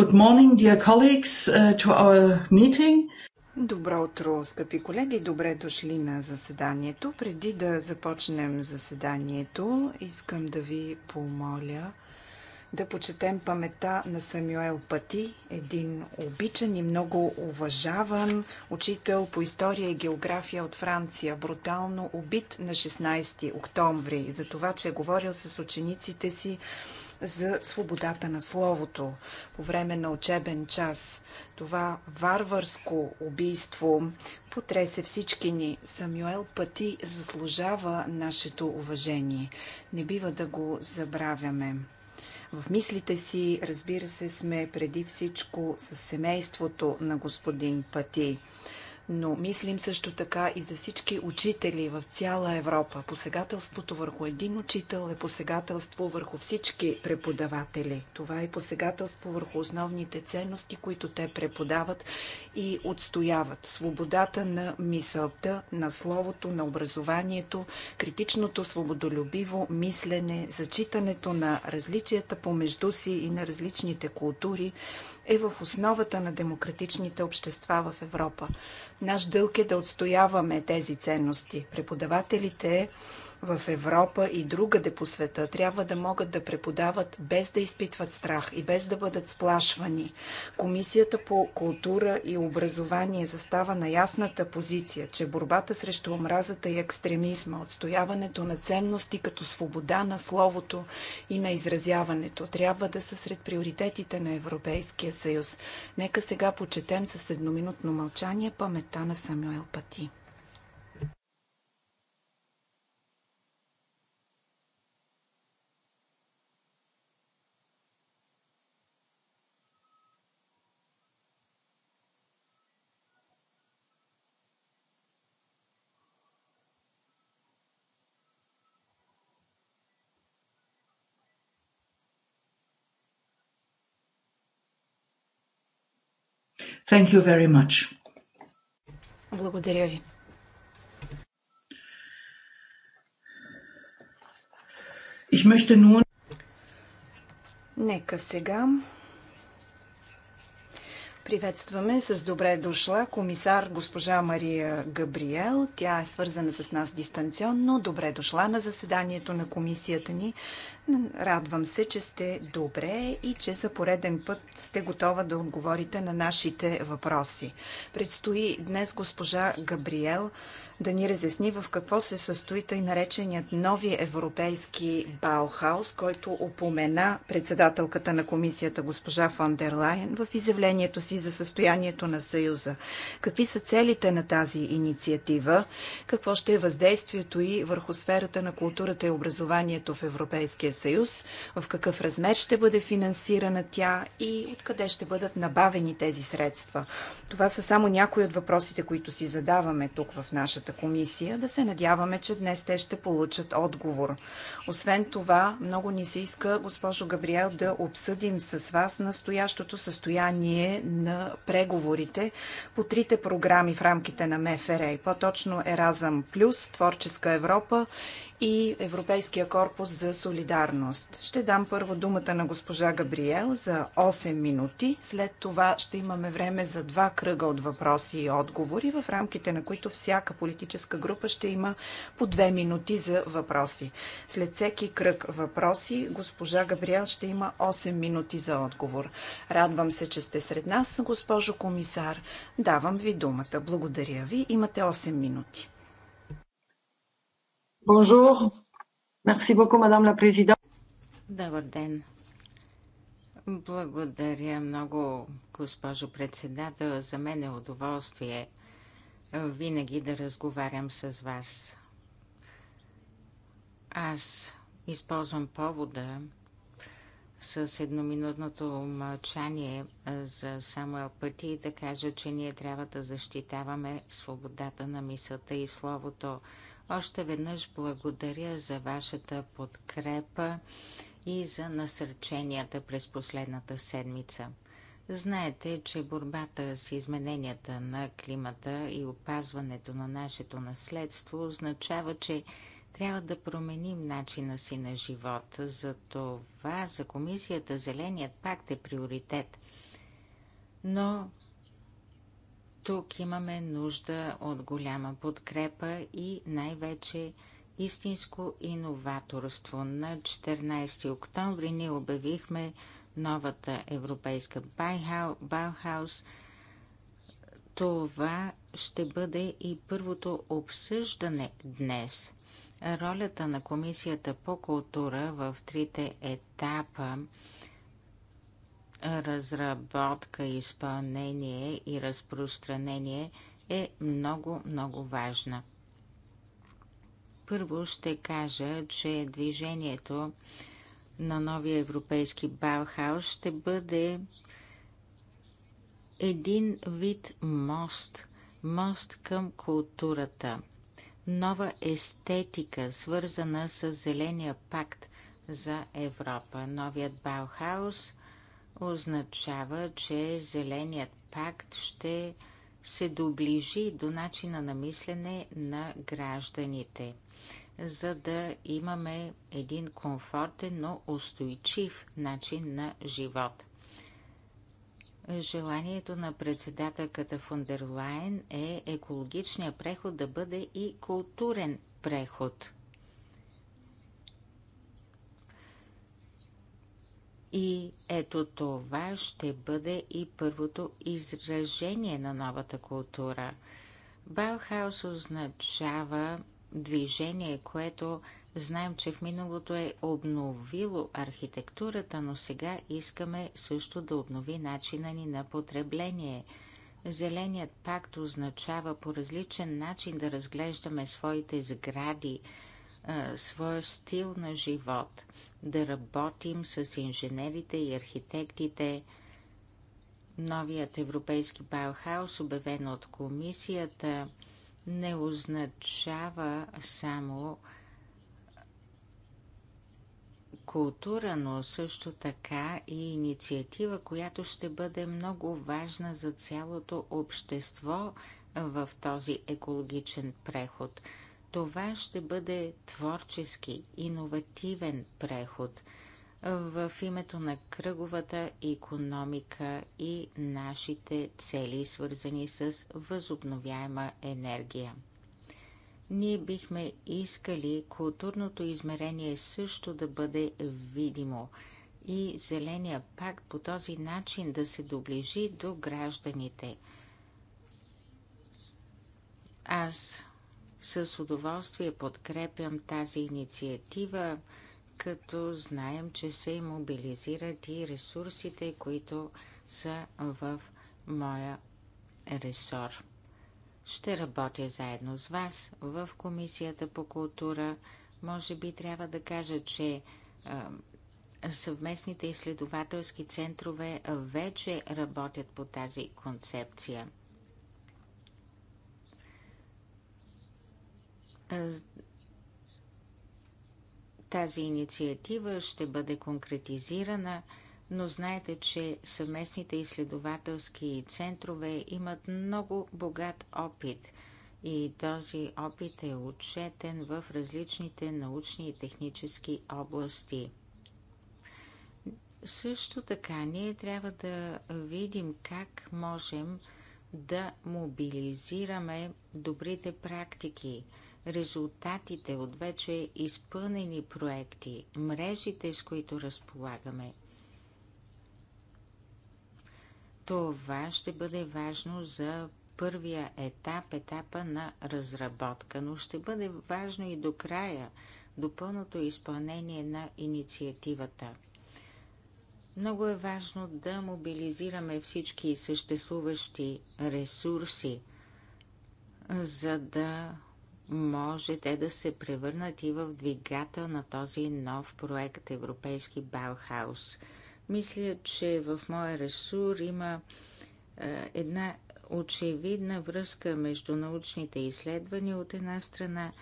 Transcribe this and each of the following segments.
Good morning, dear colleagues, uh, to our meeting. Добро утро, скъпи колеги! Добре дошли на заседанието. Преди да започнем заседанието, искам да ви помоля да почетем памета на Самюел Пати, един обичан и много уважаван учител по история и география от Франция, брутално убит на 16 октомври за това, че е говорил с учениците си за свободата на словото по време на учебен час. Това варварско убийство потресе всички ни. Самюел Пъти заслужава нашето уважение. Не бива да го забравяме. В мислите си, разбира се, сме преди всичко с семейството на господин Пъти но мислим също така и за всички учители в цяла Европа. Посегателството върху един учител е посегателство върху всички преподаватели. Това е посегателство върху основните ценности, които те преподават и отстояват. Свободата на мисълта, на словото, на образованието, критичното свободолюбиво мислене, зачитането на различията помежду си и на различните култури, е в основата на демократичните общества в Европа. Наш дълг е да отстояваме тези ценности. Преподавателите в Европа и другаде по света трябва да могат да преподават без да изпитват страх и без да бъдат сплашвани. Комисията по култура и образование застава на ясната позиция, че борбата срещу омразата и екстремизма, отстояването на ценности като свобода на словото и на изразяването трябва да са сред приоритетите на Европейския съюз. Нека сега почетем с едноминутно мълчание паметта на Самюел Пати. Thank you very much. Благодаря ви. Ich möchte nun... Нека сега приветстваме с добре дошла комисар госпожа Мария Габриел. Тя е свързана с нас дистанционно. Добре дошла на заседанието на комисията ни Радвам се, че сте добре и че за пореден път сте готова да отговорите на нашите въпроси. Предстои днес госпожа Габриел да ни разясни в какво се състои тъй нареченият нови европейски Баухаус, който упомена председателката на комисията госпожа Фон дер Лайен в изявлението си за състоянието на Съюза. Какви са целите на тази инициатива? Какво ще е въздействието и върху сферата на културата и образованието в Европейския съюз? В какъв размер ще бъде финансирана тя и откъде ще бъдат набавени тези средства? Това са само някои от въпросите, които си задаваме тук в нашата Европейската комисия. Да се надяваме, че днес те ще получат отговор. Освен това, много ни се иска, госпожо Габриел, да обсъдим с вас настоящото състояние на преговорите по трите програми в рамките на МФР. По-точно Еразъм Плюс, Творческа Европа и Европейския корпус за солидарност. Ще дам първо думата на госпожа Габриел за 8 минути. След това ще имаме време за два кръга от въпроси и отговори, в рамките на които всяка политическа група ще има по 2 минути за въпроси. След всеки кръг въпроси, госпожа Габриел ще има 8 минути за отговор. Радвам се, че сте сред нас, госпожо комисар. Давам ви думата. Благодаря ви. Имате 8 минути. Bonjour. Merci beaucoup, Madame la Présidente. Добър ден. Благодаря много, госпожо председател. За мен е удоволствие винаги да разговарям с вас. Аз използвам повода с едноминутното мълчание за Самуел Пъти и да кажа, че ние трябва да защитаваме свободата на мисълта и словото. Още веднъж благодаря за вашата подкрепа и за насърченията през последната седмица. Знаете, че борбата с измененията на климата и опазването на нашето наследство означава, че трябва да променим начина си на живот. За това за комисията Зеленият пакт е приоритет. Но тук имаме нужда от голяма подкрепа и най-вече истинско иноваторство. На 14 октомври ние обявихме новата европейска Баухаус. Това ще бъде и първото обсъждане днес. Ролята на Комисията по култура в трите етапа разработка, изпълнение и разпространение е много, много важна. Първо ще кажа, че движението на новия европейски Баухаус ще бъде един вид мост, мост към културата, нова естетика, свързана с Зеления пакт за Европа. Новият Баухаус означава, че Зеленият пакт ще се доближи до начина на мислене на гражданите, за да имаме един комфортен, но устойчив начин на живот. Желанието на председателката Фондерлайн е екологичният преход да бъде и културен преход – И ето това ще бъде и първото изражение на новата култура. Баухаус означава движение, което знаем, че в миналото е обновило архитектурата, но сега искаме също да обнови начина ни на потребление. Зеленият пакт означава по различен начин да разглеждаме своите сгради, своя стил на живот, да работим с инженерите и архитектите. Новият европейски Баухаус, обявен от комисията, не означава само култура, но също така и инициатива, която ще бъде много важна за цялото общество в този екологичен преход. Това ще бъде творчески, иновативен преход в името на кръговата економика и нашите цели, свързани с възобновяема енергия. Ние бихме искали културното измерение също да бъде видимо и Зеления пакт по този начин да се доближи до гражданите. Аз с удоволствие подкрепям тази инициатива, като знаем, че се мобилизират и ресурсите, които са в моя ресор. Ще работя заедно с вас в Комисията по култура. Може би трябва да кажа, че а, съвместните изследователски центрове вече работят по тази концепция – Е, тази инициатива ще бъде конкретизирана, но знаете, че съвместните изследователски центрове имат много богат опит и този опит е отчетен в различните научни и технически области. Също така ние трябва да видим как можем да мобилизираме добрите практики – резултатите от вече изпълнени проекти, мрежите, с които разполагаме. Това ще бъде важно за първия етап, етапа на разработка, но ще бъде важно и до края, до пълното изпълнение на инициативата. Много е важно да мобилизираме всички съществуващи ресурси, за да може те да се превърнат и в двигател на този нов проект Европейски Баухаус. Мисля, че в моя ресур има е, една очевидна връзка между научните изследвания от една страна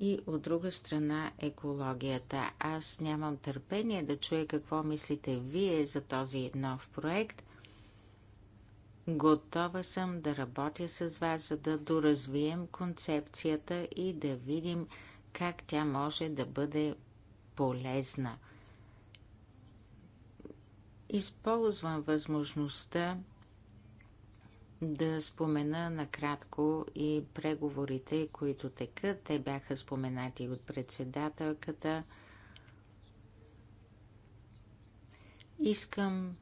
и от друга страна екологията. Аз нямам търпение да чуя какво мислите вие за този нов проект – Готова съм да работя с вас, за да доразвием концепцията и да видим как тя може да бъде полезна. Използвам възможността да спомена накратко и преговорите, които текат. Те бяха споменати от председателката. Искам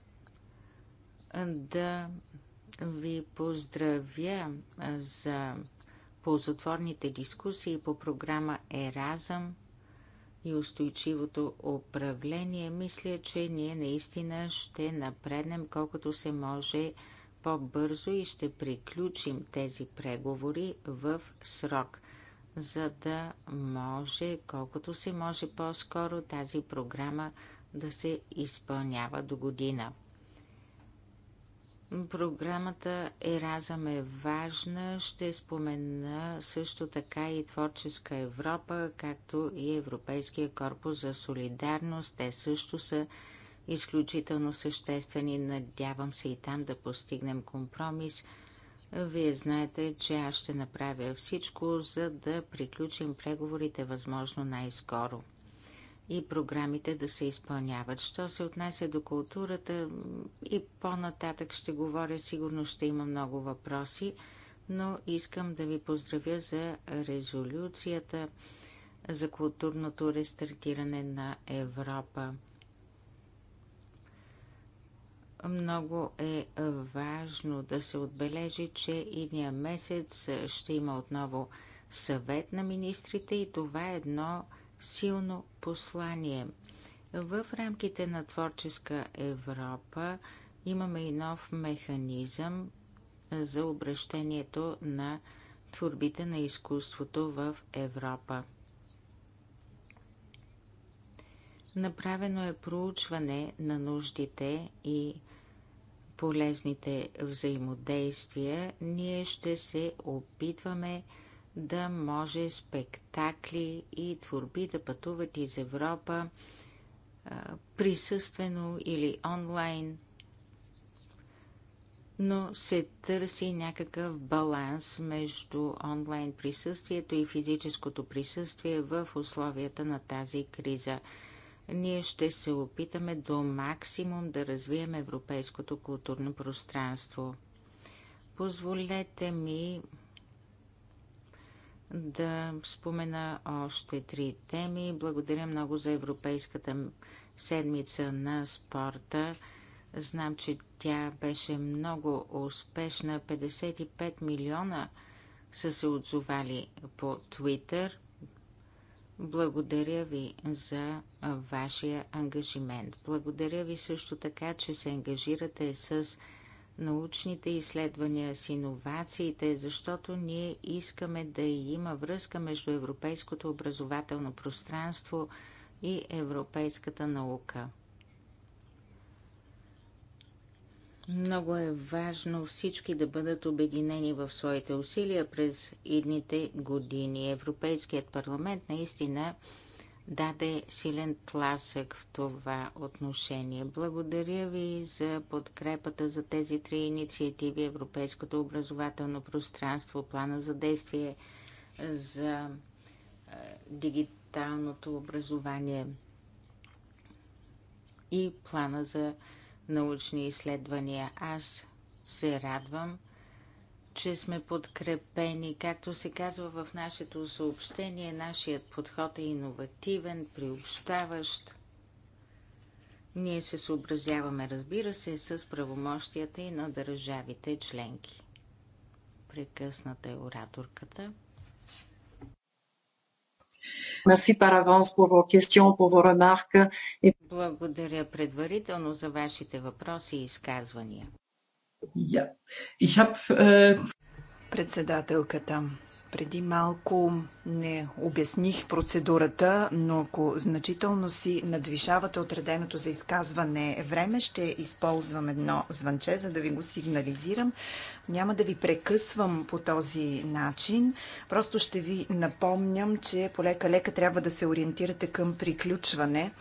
да ви поздравя за ползотворните дискусии по програма Еразъм и устойчивото управление. Мисля, че ние наистина ще напреднем колкото се може по-бързо и ще приключим тези преговори в срок, за да може колкото се може по-скоро тази програма да се изпълнява до година. Програмата Еразъм е важна. Ще спомена също така и Творческа Европа, както и Европейския корпус за солидарност. Те също са изключително съществени. Надявам се и там да постигнем компромис. Вие знаете, че аз ще направя всичко, за да приключим преговорите възможно най-скоро и програмите да се изпълняват. Що се отнася до културата и по-нататък ще говоря, сигурно ще има много въпроси, но искам да ви поздравя за резолюцията за културното рестартиране на Европа. Много е важно да се отбележи, че идния месец ще има отново съвет на министрите и това е едно силно послание. В рамките на Творческа Европа имаме и нов механизъм за обращението на творбите на изкуството в Европа. Направено е проучване на нуждите и полезните взаимодействия. Ние ще се опитваме да може спектакли и творби да пътуват из Европа присъствено или онлайн, но се търси някакъв баланс между онлайн присъствието и физическото присъствие в условията на тази криза. Ние ще се опитаме до максимум да развием европейското културно пространство. Позволете ми да спомена още три теми. Благодаря много за Европейската седмица на спорта. Знам, че тя беше много успешна. 55 милиона са се отзовали по Твитър. Благодаря ви за вашия ангажимент. Благодаря ви също така, че се ангажирате с научните изследвания с иновациите, защото ние искаме да има връзка между европейското образователно пространство и европейската наука. Много е важно всички да бъдат обединени в своите усилия през идните години. Европейският парламент наистина е даде силен тласък в това отношение. Благодаря ви за подкрепата за тези три инициативи Европейското образователно пространство, плана за действие за е, дигиталното образование и плана за научни изследвания. Аз се радвам, че сме подкрепени. Както се казва в нашето съобщение, нашият подход е иновативен, приобщаващ. Ние се съобразяваме, разбира се, с правомощията и на държавите членки. Прекъсната е ораторката. Merci par avance pour vos questions, pour vos remarques. Благодаря предварително за вашите въпроси и изказвания. Я. Ich uh... Председателката. Преди малко не обясних процедурата, но ако значително си надвишавате отреденото за изказване време, ще използвам едно звънче, за да ви го сигнализирам. Няма да ви прекъсвам по този начин. Просто ще ви напомням, че полека-лека трябва да се ориентирате към приключване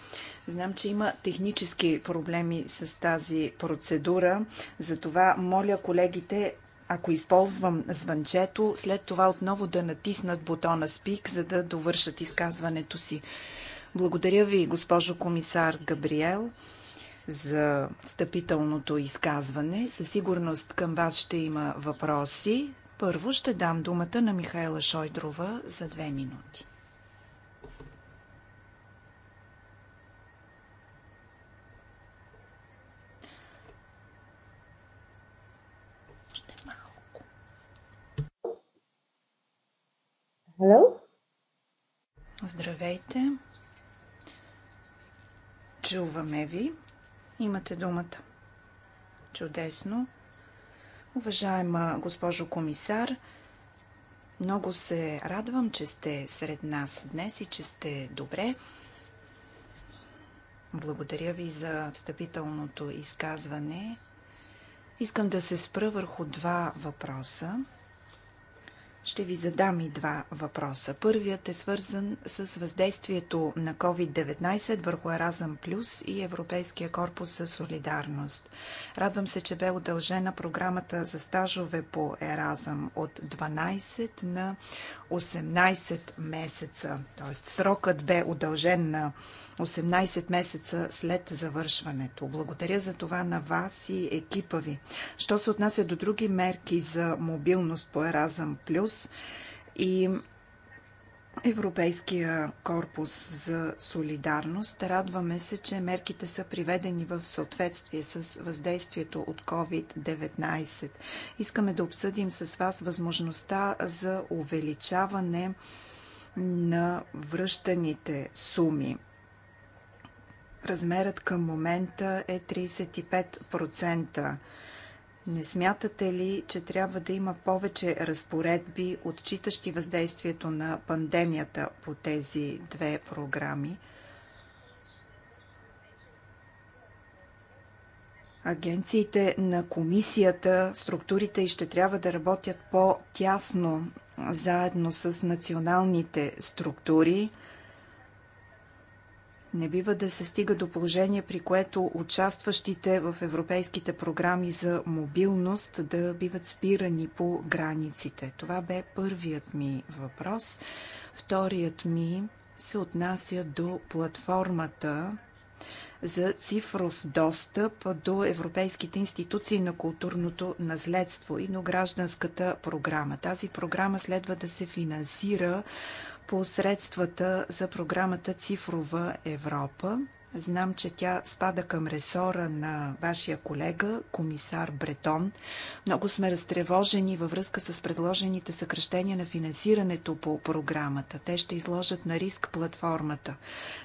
Знам, че има технически проблеми с тази процедура. Затова моля колегите, ако използвам звънчето, след това отново да натиснат бутона СПИК, за да довършат изказването си. Благодаря ви, госпожо комисар Габриел за стъпителното изказване. Със сигурност към вас ще има въпроси. Първо ще дам думата на Михайла Шойдрова за две минути. Hello? Здравейте. Чуваме ви. Имате думата. Чудесно. Уважаема госпожо комисар, много се радвам, че сте сред нас днес и че сте добре. Благодаря ви за встъпителното изказване. Искам да се спра върху два въпроса ще ви задам и два въпроса. Първият е свързан с въздействието на COVID-19 върху Еразъм Плюс и Европейския корпус за солидарност. Радвам се, че бе удължена програмата за стажове по Еразъм от 12 на 18 месеца. Тоест срокът бе удължен на 18 месеца след завършването. Благодаря за това на вас и екипа ви. Що се отнася до други мерки за мобилност по Еразъм Плюс, корпус и Европейския корпус за солидарност. Радваме се, че мерките са приведени в съответствие с въздействието от COVID-19. Искаме да обсъдим с вас възможността за увеличаване на връщаните суми. Размерът към момента е 35% не смятате ли, че трябва да има повече разпоредби, отчитащи въздействието на пандемията по тези две програми? Агенциите на комисията, структурите ще трябва да работят по-тясно заедно с националните структури не бива да се стига до положение, при което участващите в европейските програми за мобилност да биват спирани по границите. Това бе първият ми въпрос. Вторият ми се отнася до платформата за цифров достъп до европейските институции на културното наследство и на гражданската програма. Тази програма следва да се финансира по средствата за програмата Цифрова Европа. Знам, че тя спада към ресора на вашия колега, комисар Бретон. Много сме разтревожени във връзка с предложените съкръщения на финансирането по програмата. Те ще изложат на риск платформата.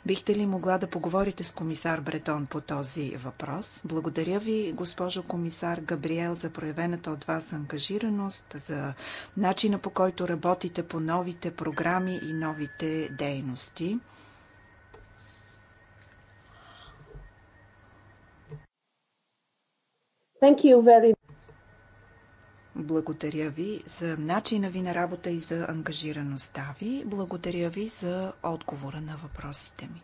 Бихте ли могла да поговорите с комисар Бретон по този въпрос? Благодаря ви, госпожо комисар Габриел, за проявената от вас ангажираност, за начина по който работите по новите програми и новите дейности. Thank you very Благодаря ви за начина ви на работа и за ангажираността ви. Благодаря ви за отговора на въпросите ми.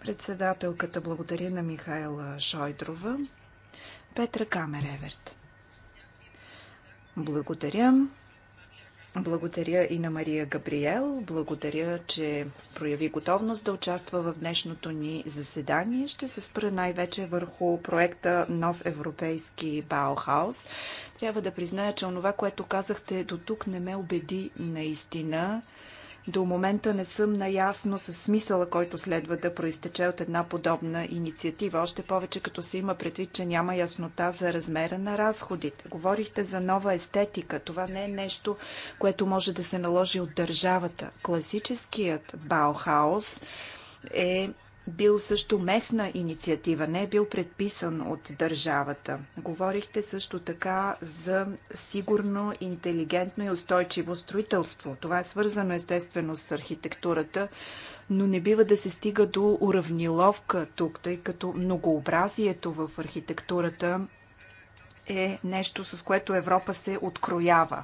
Председателката благодаря на Михайла Шойдрова. Петра Камереверт. Благодаря. Благодаря и на Мария Габриел. Благодаря, че прояви готовност да участва в днешното ни заседание. Ще се спра най-вече върху проекта Нов европейски Баухаус. Трябва да призная, че онова, което казахте до тук не ме убеди наистина. До момента не съм наясно с смисъла, който следва да проистече от една подобна инициатива. Още повече като се има предвид, че няма яснота за размера на разходите. Говорихте за нова естетика. Това не е нещо, което може да се наложи от държавата. Класическият Баухаус е бил също местна инициатива, не е бил предписан от държавата. Говорихте също така за сигурно, интелигентно и устойчиво строителство. Това е свързано естествено с архитектурата, но не бива да се стига до уравниловка тук, тъй като многообразието в архитектурата е нещо, с което Европа се откроява.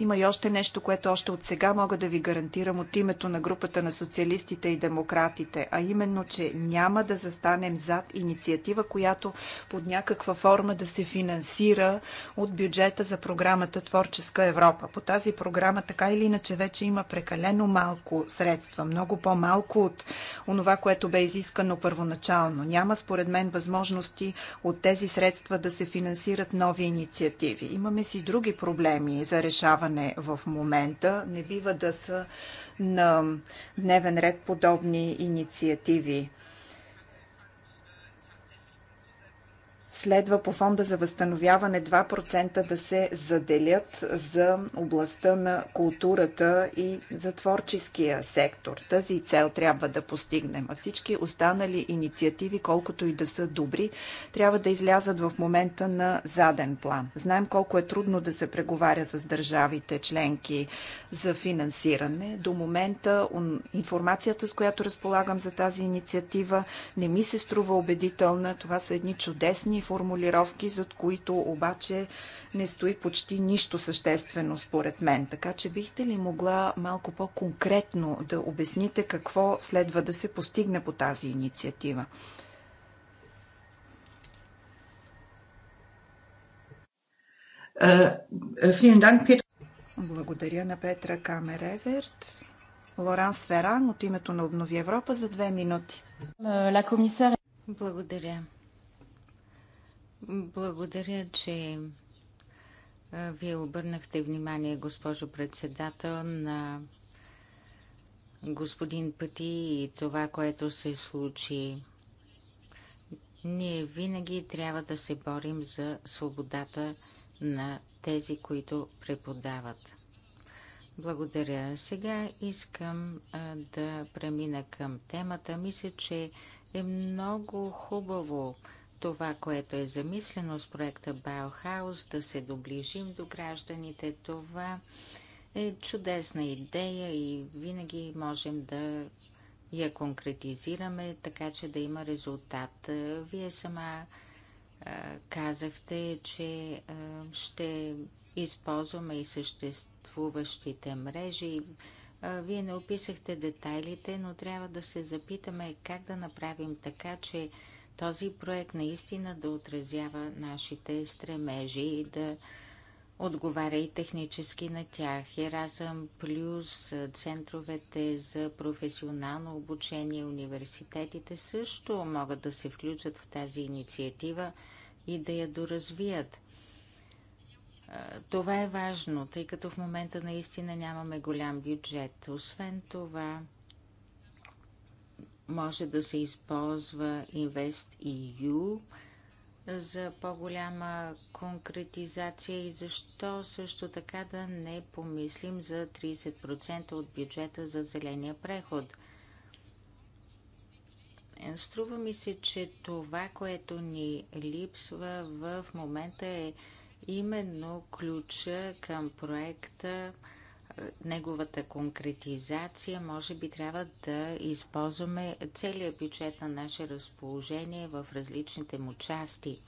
Има и още нещо, което още от сега мога да ви гарантирам от името на групата на социалистите и демократите, а именно, че няма да застанем зад инициатива, която под някаква форма да се финансира от бюджета за програмата Творческа Европа. По тази програма така или иначе вече има прекалено малко средства, много по-малко от онова, което бе изискано първоначално. Няма според мен възможности от тези средства да се финансират нови инициативи. Имаме си други проблеми за решаване в момента. Не бива да са на дневен ред подобни инициативи. Следва по фонда за възстановяване 2% да се заделят за областта на културата и за творческия сектор. Тази цел трябва да постигнем. А всички останали инициативи, колкото и да са добри, трябва да излязат в момента на заден план. Знаем колко е трудно да се преговаря с държавите членки за финансиране. До момента информацията, с която разполагам за тази инициатива, не ми се струва убедителна. Това са едни чудесни формулировки, зад които обаче не стои почти нищо съществено според мен. Така че бихте ли могла малко по-конкретно да обясните какво следва да се постигне по тази инициатива? Е, Благодаря на Петра Камереверт. Лоран Сверан от името на Обнови Европа за две минути. Е, Благодаря. Благодаря, че вие обърнахте внимание, госпожо председател, на господин Пъти и това, което се случи. Ние винаги трябва да се борим за свободата на тези, които преподават. Благодаря. Сега искам а, да премина към темата. Мисля, че е много хубаво, това, което е замислено с проекта Bauhaus, да се доближим до гражданите, това е чудесна идея и винаги можем да я конкретизираме, така че да има резултат. Вие сама казахте, че ще използваме и съществуващите мрежи. вие не описахте детайлите, но трябва да се запитаме как да направим така, че този проект наистина да отразява нашите стремежи и да отговаря и технически на тях. Еразъм плюс центровете за професионално обучение, университетите също могат да се включат в тази инициатива и да я доразвият. Това е важно, тъй като в момента наистина нямаме голям бюджет. Освен това, може да се използва InvestEU за по-голяма конкретизация и защо също така да не помислим за 30% от бюджета за зеления преход. Струва ми се, че това, което ни липсва в момента е именно ключа към проекта неговата конкретизация, може би трябва да използваме целият бюджет на наше разположение в различните му части.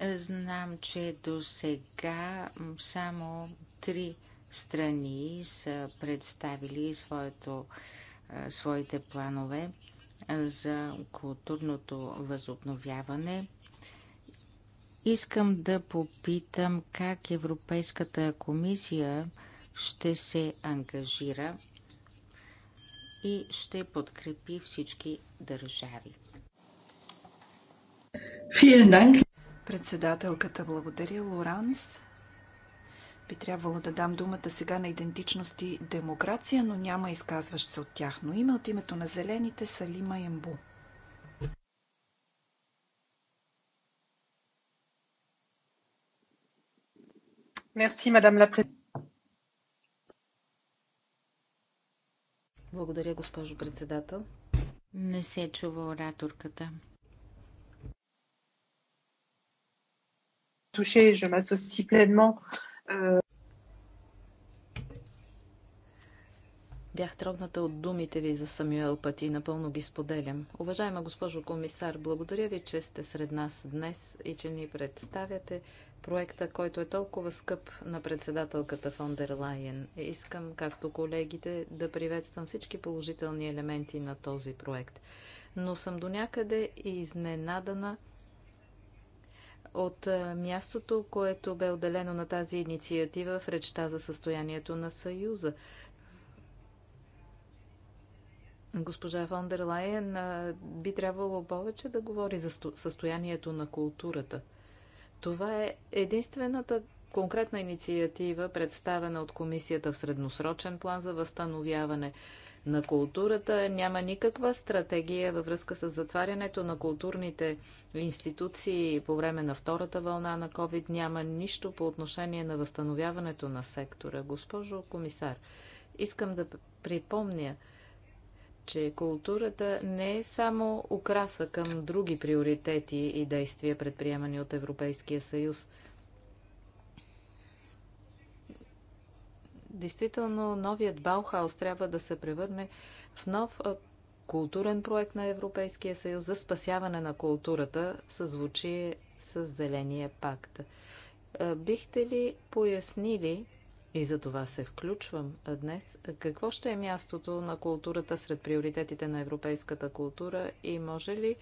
Знам, че до сега само три страни са представили своето, своите планове за културното възобновяване. Искам да попитам как Европейската комисия ще се ангажира и ще подкрепи всички държави. Председателката благодаря, Лоранс. Би трябвало да дам думата сега на идентичност и демокрация, но няма изказващ се от тяхно име от името на зелените Салима Ембу. Merci, Madame la Présidente. Благодаря, госпожо председател. Не се е чува ораторката. Туше, je m'associe pleinement. Euh, Бях трогната от думите ви за Самюел Пати, напълно ги споделям. Уважаема госпожо комисар, благодаря ви, че сте сред нас днес и че ни представяте проекта, който е толкова скъп на председателката фон дер Лайен. Искам, както колегите, да приветствам всички положителни елементи на този проект. Но съм до някъде изненадана от е, мястото, което бе отделено на тази инициатива в речта за състоянието на Съюза. Госпожа фон дер Лайен е, би трябвало повече да говори за състоянието на културата – това е единствената конкретна инициатива, представена от комисията в средносрочен план за възстановяване на културата. Няма никаква стратегия във връзка с затварянето на културните институции по време на втората вълна на COVID. Няма нищо по отношение на възстановяването на сектора. Госпожо комисар, искам да припомня, че културата не е само украса към други приоритети и действия, предприемани от Европейския съюз. Действително, новият Баухаус трябва да се превърне в нов културен проект на Европейския съюз за спасяване на културата в съзвучие с Зеления пакт. Бихте ли пояснили и за това се включвам днес. Какво ще е мястото на културата сред приоритетите на европейската култура и може ли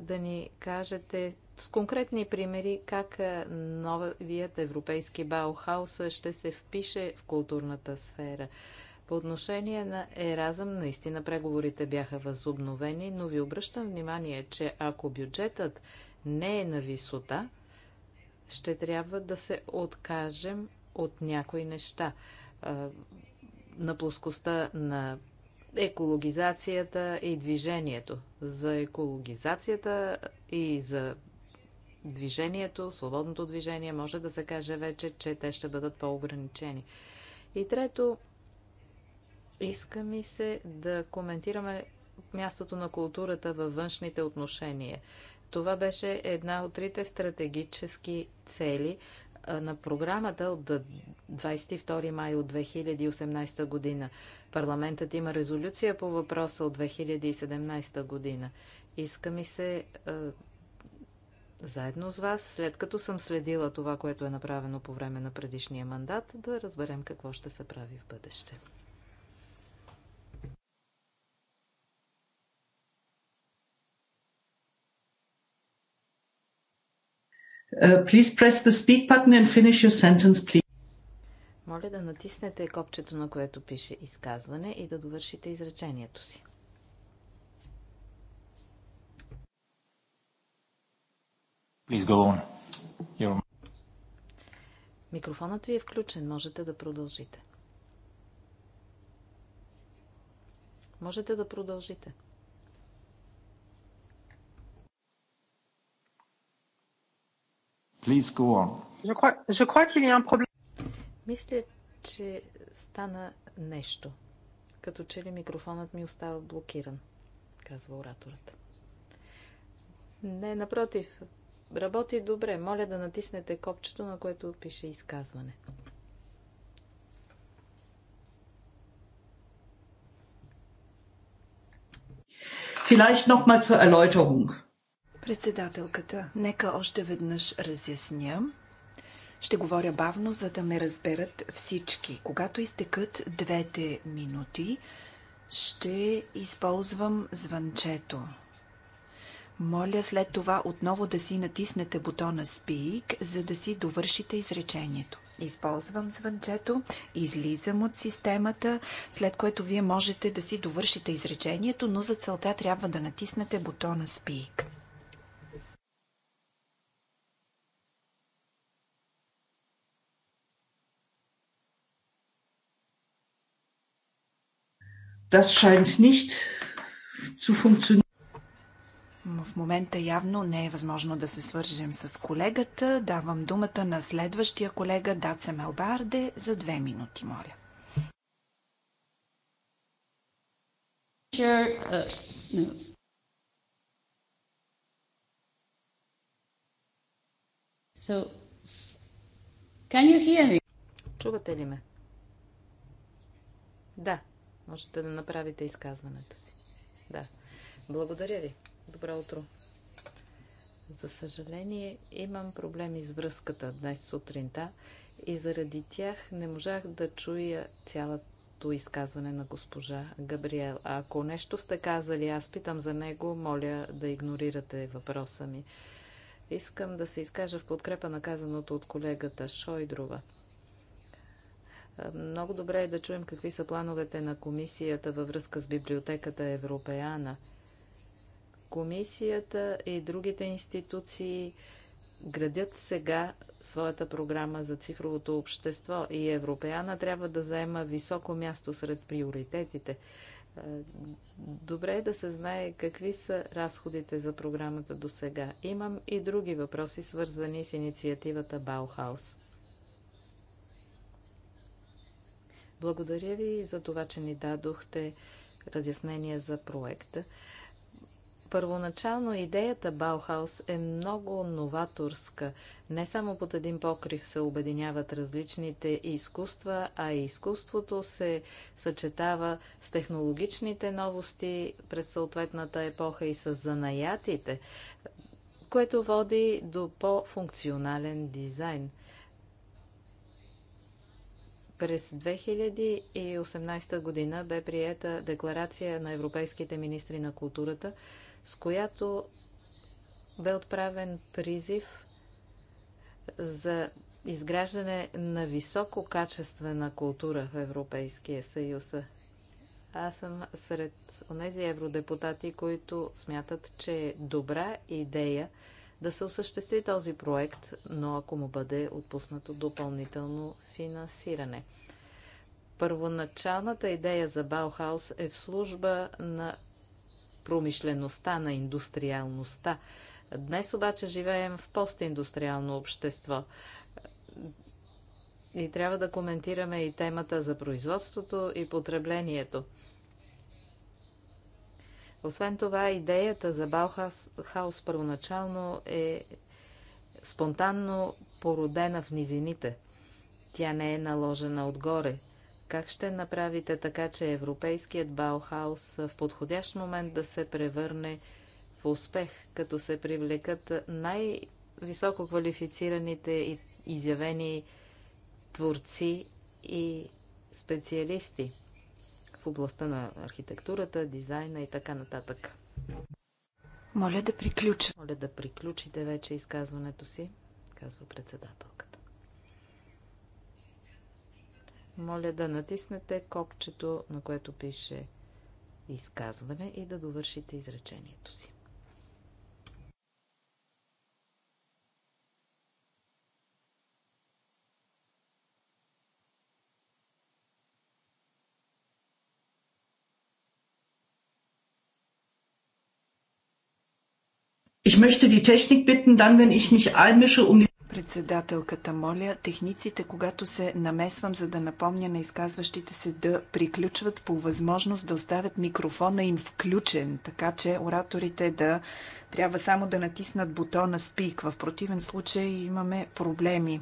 да ни кажете с конкретни примери как новият европейски Баухаус ще се впише в културната сфера? По отношение на Еразъм, наистина преговорите бяха възобновени, но ви обръщам внимание, че ако бюджетът не е на висота, ще трябва да се откажем от някои неща. На плоскостта на екологизацията и движението. За екологизацията и за движението, свободното движение, може да се каже вече, че те ще бъдат по-ограничени. И трето, иска ми се да коментираме мястото на културата във външните отношения. Това беше една от трите стратегически цели на програмата от 22 май от 2018 година. Парламентът има резолюция по въпроса от 2017 година. Иска ми се заедно с вас, след като съм следила това, което е направено по време на предишния мандат, да разберем какво ще се прави в бъдеще. Uh, please press the speak button and finish your sentence, please. Моля да натиснете копчето, на което пише изказване и да довършите изречението си. Please go on. Your... Микрофонът ви е включен. Можете да продължите. Можете да продължите. Please go on. Je crois, je crois qu'il y a un problème. Мисля, че стана нещо. Като че ли микрофонът ми остава блокиран, казва ораторът. Не, напротив, работи добре. Моля да натиснете копчето, на което пише изказване. Vielleicht noch mal zur Erläuterung. Председателката, нека още веднъж разясня. Ще говоря бавно, за да ме разберат всички. Когато изтекат двете минути, ще използвам звънчето. Моля след това отново да си натиснете бутона Speak, за да си довършите изречението. Използвам звънчето, излизам от системата, след което вие можете да си довършите изречението, но за целта трябва да натиснете бутона Speak. Das scheint nicht zu funktionieren. В момента явно не е възможно да се свържем с колегата. Давам думата на следващия колега Даце Мелбарде за две минути, моля. So, can you hear me? Чувате ли ме? Да. Можете да направите изказването си. Да. Благодаря ви. Добро утро. За съжаление, имам проблеми с връзката днес сутринта и заради тях не можах да чуя цялото изказване на госпожа Габриел. А ако нещо сте казали, аз питам за него, моля да игнорирате въпроса ми. Искам да се изкажа в подкрепа на казаното от колегата Шойдрова – много добре е да чуем какви са плановете на комисията във връзка с библиотеката Европеана. Комисията и другите институции градят сега своята програма за цифровото общество и Европеана трябва да заема високо място сред приоритетите. Добре е да се знае какви са разходите за програмата до сега. Имам и други въпроси, свързани с инициативата Баухаус. Благодаря ви за това, че ни дадохте разяснение за проекта. Първоначално идеята Баухаус е много новаторска. Не само под един покрив се обединяват различните изкуства, а и изкуството се съчетава с технологичните новости през съответната епоха и с занаятите, което води до по-функционален дизайн. През 2018 година бе приета декларация на европейските министри на културата, с която бе отправен призив за изграждане на висококачествена култура в Европейския съюз. Аз съм сред онези евродепутати, които смятат, че е добра идея да се осъществи този проект, но ако му бъде отпуснато допълнително финансиране. Първоначалната идея за Баухаус е в служба на промишлеността, на индустриалността. Днес обаче живеем в постиндустриално общество. И трябва да коментираме и темата за производството и потреблението. Освен това, идеята за Баухаус първоначално е спонтанно породена в низините. Тя не е наложена отгоре. Как ще направите така, че европейският Баухаус в подходящ момент да се превърне в успех, като се привлекат най-високо квалифицираните и изявени творци и специалисти? в областта на архитектурата, дизайна и така нататък. Моля да приключа. Моля да приключите вече изказването си, казва председателката. Моля да натиснете копчето, на което пише изказване и да довършите изречението си. Ich möchte die Technik bitten, dann, wenn ich mich einmische, um председателката. Моля техниците, когато се намесвам, за да напомня на изказващите се да приключват по възможност да оставят микрофона им включен, така че ораторите да трябва само да натиснат бутона спик. В противен случай имаме проблеми.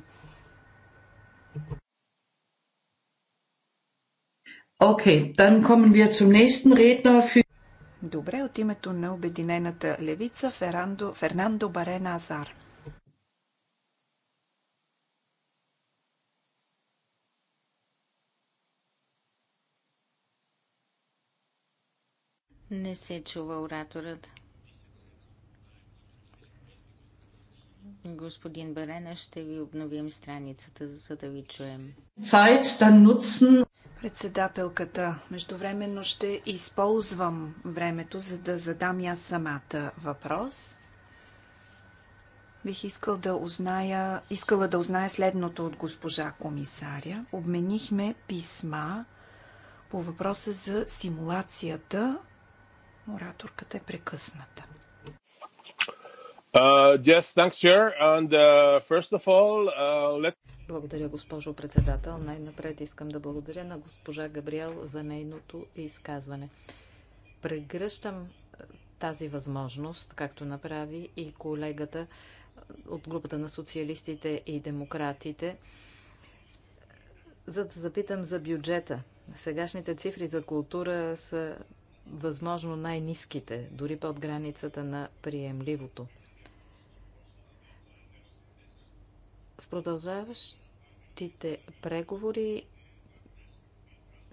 Okay, dann kommen wir zum nächsten Redner für Добре, от името на Обединената левица Ферандо, Фернандо Барена Азар. Не се чува ораторът. Господин Барена, ще ви обновим страницата, за да ви чуем. Цайт да nutzen. Председателката, междувременно ще използвам времето, за да задам я самата въпрос. Бих искал да узная, искала да узная следното от госпожа комисаря. Обменихме писма по въпроса за симулацията. Ораторката е прекъсната. Uh, yes, thanks, Chair. And uh, first of all, uh, let... Благодаря, госпожо председател. Най-напред искам да благодаря на госпожа Габриел за нейното изказване. Прегръщам тази възможност, както направи и колегата от групата на социалистите и демократите, за да запитам за бюджета. Сегашните цифри за култура са възможно най-низките, дори под границата на приемливото. В продължаващите преговори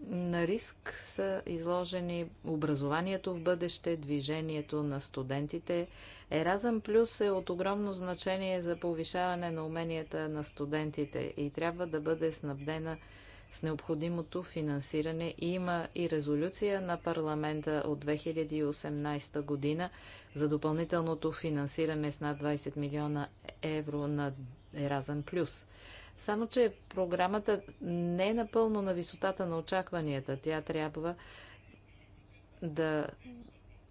на риск са изложени образованието в бъдеще, движението на студентите. Еразъм Плюс е от огромно значение за повишаване на уменията на студентите и трябва да бъде снабдена с необходимото финансиране. Има и резолюция на парламента от 2018 година за допълнителното финансиране с над 20 милиона евро на Еразъм Плюс. Само, че програмата не е напълно на висотата на очакванията. Тя трябва да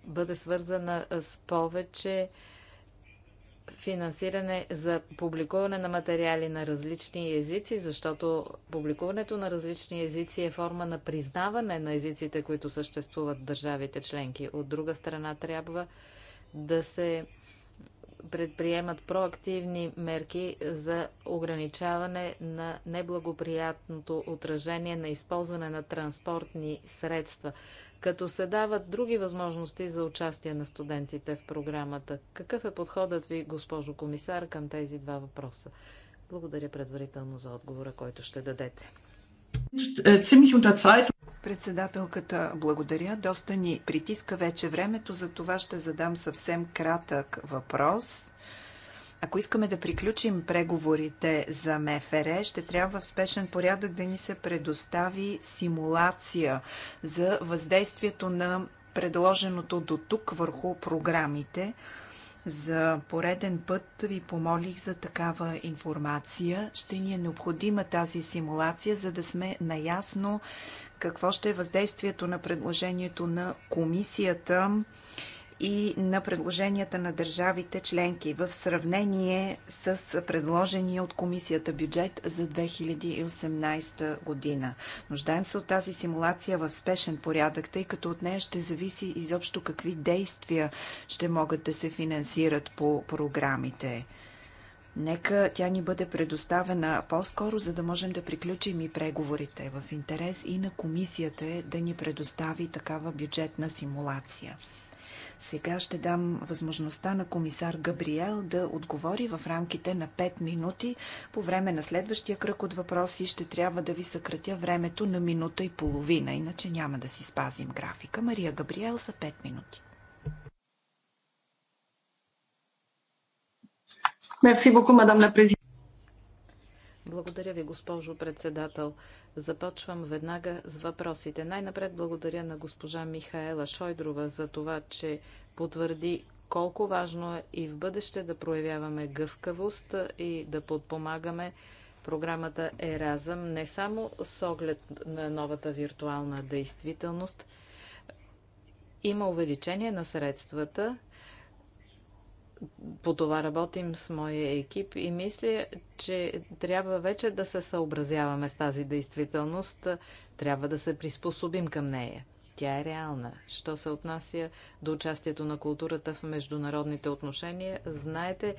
бъде свързана с повече финансиране за публикуване на материали на различни езици, защото публикуването на различни езици е форма на признаване на езиците, които съществуват в държавите членки. От друга страна трябва да се предприемат проактивни мерки за ограничаване на неблагоприятното отражение на използване на транспортни средства като се дават други възможности за участие на студентите в програмата. Какъв е подходът ви, госпожо комисар, към тези два въпроса? Благодаря предварително за отговора, който ще дадете. Председателката, благодаря. Доста ни притиска вече времето, за това ще задам съвсем кратък въпрос. Ако искаме да приключим преговорите за МФР, ще трябва в спешен порядък да ни се предостави симулация за въздействието на предложеното до тук върху програмите. За пореден път ви помолих за такава информация. Ще ни е необходима тази симулация, за да сме наясно какво ще е въздействието на предложението на комисията и на предложенията на държавите членки в сравнение с предложения от комисията бюджет за 2018 година. Нуждаем се от тази симулация в спешен порядък, тъй като от нея ще зависи изобщо какви действия ще могат да се финансират по програмите. Нека тя ни бъде предоставена по-скоро, за да можем да приключим и преговорите. В интерес и на комисията е да ни предостави такава бюджетна симулация. Сега ще дам възможността на комисар Габриел да отговори в рамките на 5 минути. По време на следващия кръг от въпроси ще трябва да ви съкратя времето на минута и половина, иначе няма да си спазим графика. Мария Габриел за 5 минути. Мерси Боку, мадам la благодаря ви, госпожо председател. Започвам веднага с въпросите. Най-напред благодаря на госпожа Михаела Шойдрова за това, че потвърди колко важно е и в бъдеще да проявяваме гъвкавост и да подпомагаме програмата Еразъм не само с оглед на новата виртуална действителност. Има увеличение на средствата по това работим с моя екип и мисля, че трябва вече да се съобразяваме с тази действителност. Трябва да се приспособим към нея. Тя е реална. Що се отнася до участието на културата в международните отношения, знаете,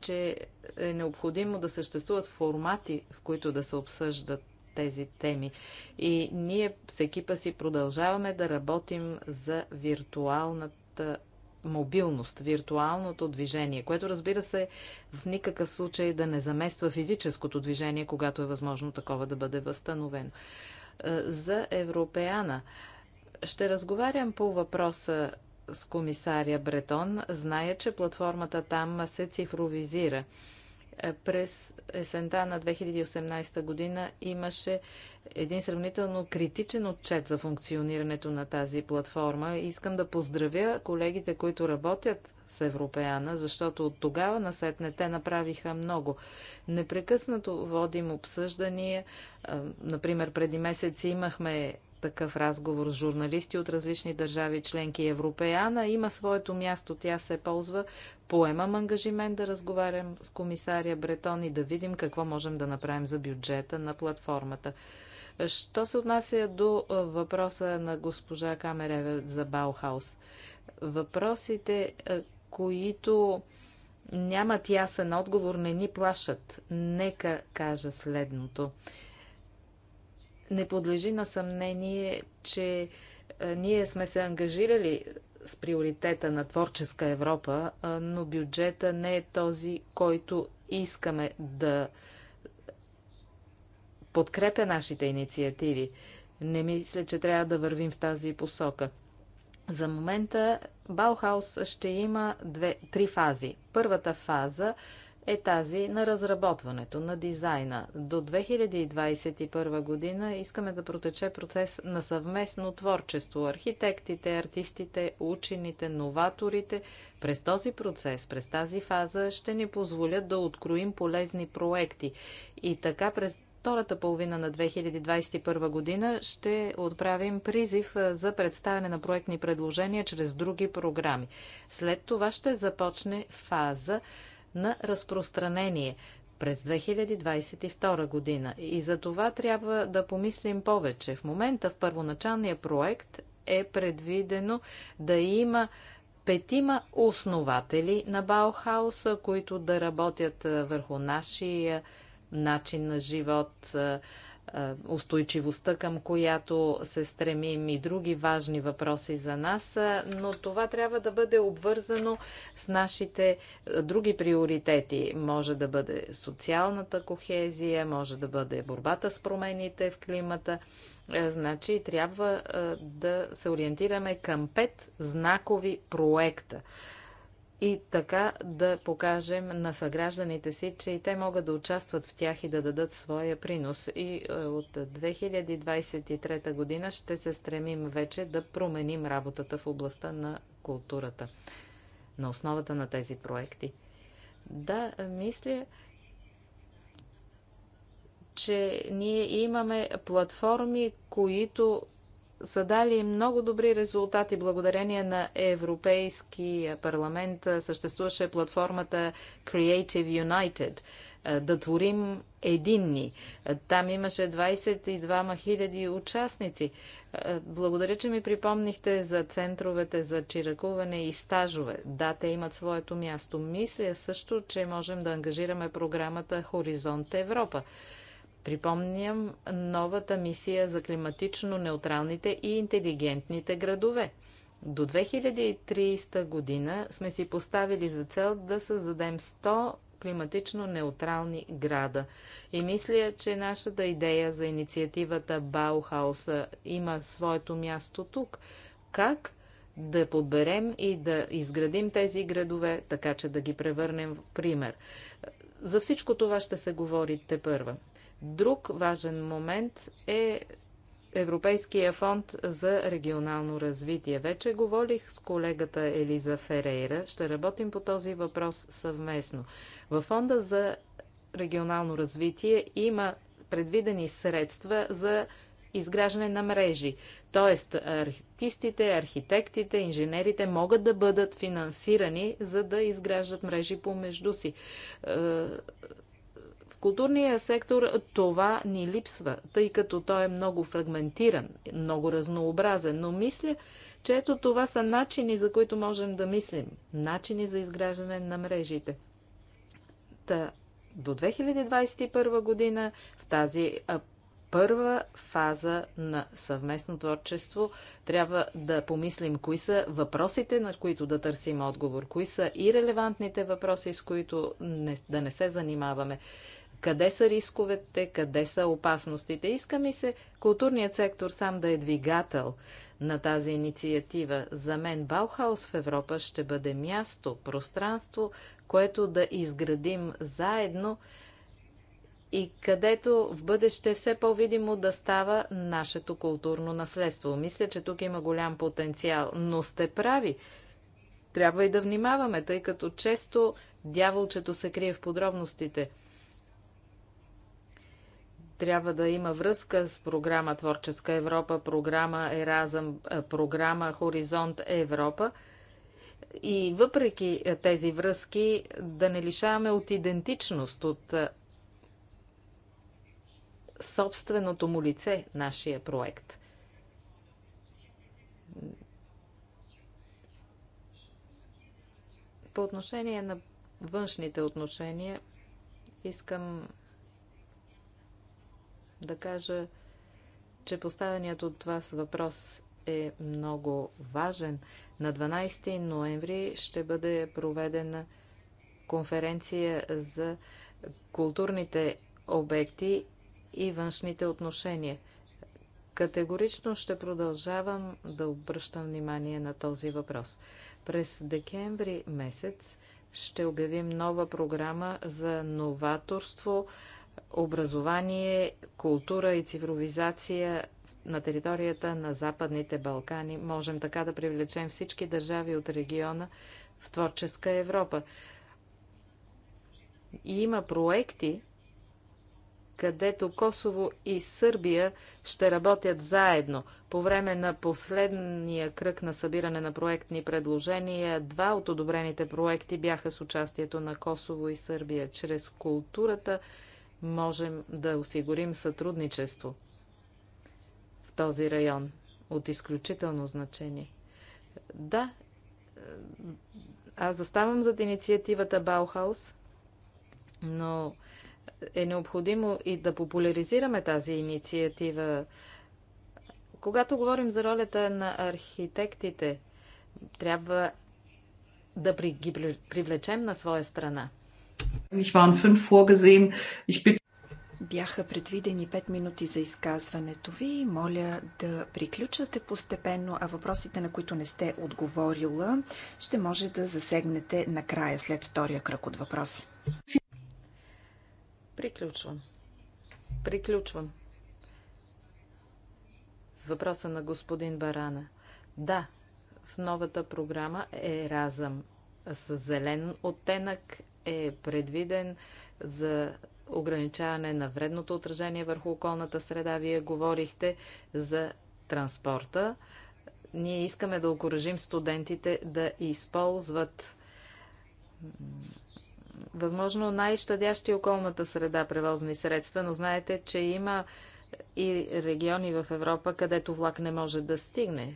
че е необходимо да съществуват формати, в които да се обсъждат тези теми. И ние с екипа си продължаваме да работим за виртуалната мобилност, виртуалното движение, което разбира се в никакъв случай да не замества физическото движение, когато е възможно такова да бъде възстановено. Е, за Европеана ще разговарям по въпроса с комисаря Бретон. Зная, че платформата там се цифровизира. Е, през есента на 2018 година имаше един сравнително критичен отчет за функционирането на тази платформа. Искам да поздравя колегите, които работят с Европеана, защото от тогава насетне те направиха много. Непрекъснато водим обсъждания. Е, например, преди месец имахме такъв разговор с журналисти от различни държави членки. Европеяна има своето място, тя се ползва. Поемам ангажимент да разговарям с комисаря Бретон и да видим какво можем да направим за бюджета на платформата. Що се отнася до въпроса на госпожа Камерева за Баухаус? Въпросите, които нямат ясен отговор, не ни плашат. Нека кажа следното не подлежи на съмнение, че е, ние сме се ангажирали с приоритета на творческа Европа, е, но бюджета не е този, който искаме да подкрепя нашите инициативи. Не мисля, че трябва да вървим в тази посока. За момента Баухаус ще има две, три фази. Първата фаза е тази на разработването, на дизайна. До 2021 година искаме да протече процес на съвместно творчество. Архитектите, артистите, учените, новаторите през този процес, през тази фаза ще ни позволят да откроим полезни проекти. И така през втората половина на 2021 година ще отправим призив за представяне на проектни предложения чрез други програми. След това ще започне фаза на разпространение през 2022 година. И за това трябва да помислим повече. В момента в първоначалния проект е предвидено да има петима основатели на Баухауса, които да работят върху нашия начин на живот, устойчивостта, към която се стремим и други важни въпроси за нас, но това трябва да бъде обвързано с нашите други приоритети. Може да бъде социалната кохезия, може да бъде борбата с промените в климата. Е, значи трябва да се ориентираме към пет знакови проекта и така да покажем на съгражданите си, че и те могат да участват в тях и да дадат своя принос. И е, от 2023 година ще се стремим вече да променим работата в областта на културата, на основата на тези проекти. Да, мисля, че ние имаме платформи, които са дали много добри резултати. Благодарение на Европейски парламент съществуваше платформата Creative United. Да творим единни. Там имаше 22 000 участници. Благодаря, че ми припомнихте за центровете за чиракуване и стажове. Да, те имат своето място. Мисля също, че можем да ангажираме програмата Хоризонт Европа. Припомням новата мисия за климатично неутралните и интелигентните градове. До 2030 година сме си поставили за цел да създадем 100 климатично неутрални града. И мисля, че нашата идея за инициативата Баухауса има своето място тук. Как да подберем и да изградим тези градове, така че да ги превърнем в пример. За всичко това ще се говорите първа. Друг важен момент е Европейския фонд за регионално развитие. Вече говорих с колегата Елиза Ферейра. Ще работим по този въпрос съвместно. Във фонда за регионално развитие има предвидени средства за изграждане на мрежи. Тоест, артистите, архитектите, инженерите могат да бъдат финансирани, за да изграждат мрежи помежду си. Е, културния сектор това ни липсва, тъй като той е много фрагментиран, много разнообразен, но мисля, че ето това са начини, за които можем да мислим. Начини за изграждане на мрежите. Та, до 2021 година в тази първа фаза на съвместно творчество трябва да помислим кои са въпросите, на които да търсим отговор, кои са и релевантните въпроси, с които не, да не се занимаваме къде са рисковете, къде са опасностите. Иска ми се културният сектор сам да е двигател на тази инициатива. За мен Баухаус в Европа ще бъде място, пространство, което да изградим заедно и където в бъдеще все по-видимо да става нашето културно наследство. Мисля, че тук има голям потенциал, но сте прави. Трябва и да внимаваме, тъй като често дяволчето се крие в подробностите – трябва да има връзка с програма Творческа Европа, програма Еразъм, програма Хоризонт Европа. И въпреки тези връзки да не лишаваме от идентичност, от собственото му лице, нашия проект. По отношение на външните отношения, искам да кажа, че поставеният от вас въпрос е много важен. На 12 ноември ще бъде проведена конференция за културните обекти и външните отношения. Категорично ще продължавам да обръщам внимание на този въпрос. През декември месец ще обявим нова програма за новаторство образование, култура и цифровизация на територията на Западните Балкани. Можем така да привлечем всички държави от региона в творческа Европа. И има проекти, където Косово и Сърбия ще работят заедно. По време на последния кръг на събиране на проектни предложения, два от одобрените проекти бяха с участието на Косово и Сърбия. Чрез културата, можем да осигурим сътрудничество в този район от изключително значение. Да, аз заставам зад инициативата Баухаус, но е необходимо и да популяризираме тази инициатива. Когато говорим за ролята на архитектите, трябва да ги привлечем на своя страна. Бяха предвидени 5 минути за изказването ви. Моля да приключвате постепенно, а въпросите, на които не сте отговорила, ще може да засегнете накрая след втория кръг от въпроси. Приключвам. Приключвам. С въпроса на господин Барана. Да, в новата програма е разъм с зелен оттенък е предвиден за ограничаване на вредното отражение върху околната среда. Вие говорихте за транспорта. Ние искаме да окоръжим студентите да използват възможно най-щадящи околната среда превозни средства, но знаете, че има и региони в Европа, където влак не може да стигне.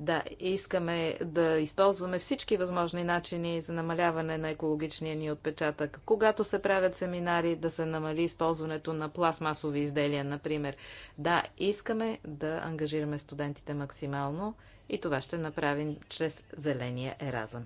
Да, искаме да използваме всички възможни начини за намаляване на екологичния ни отпечатък. Когато се правят семинари, да се намали използването на пластмасови изделия, например. Да, искаме да ангажираме студентите максимално и това ще направим чрез зеления еразъм.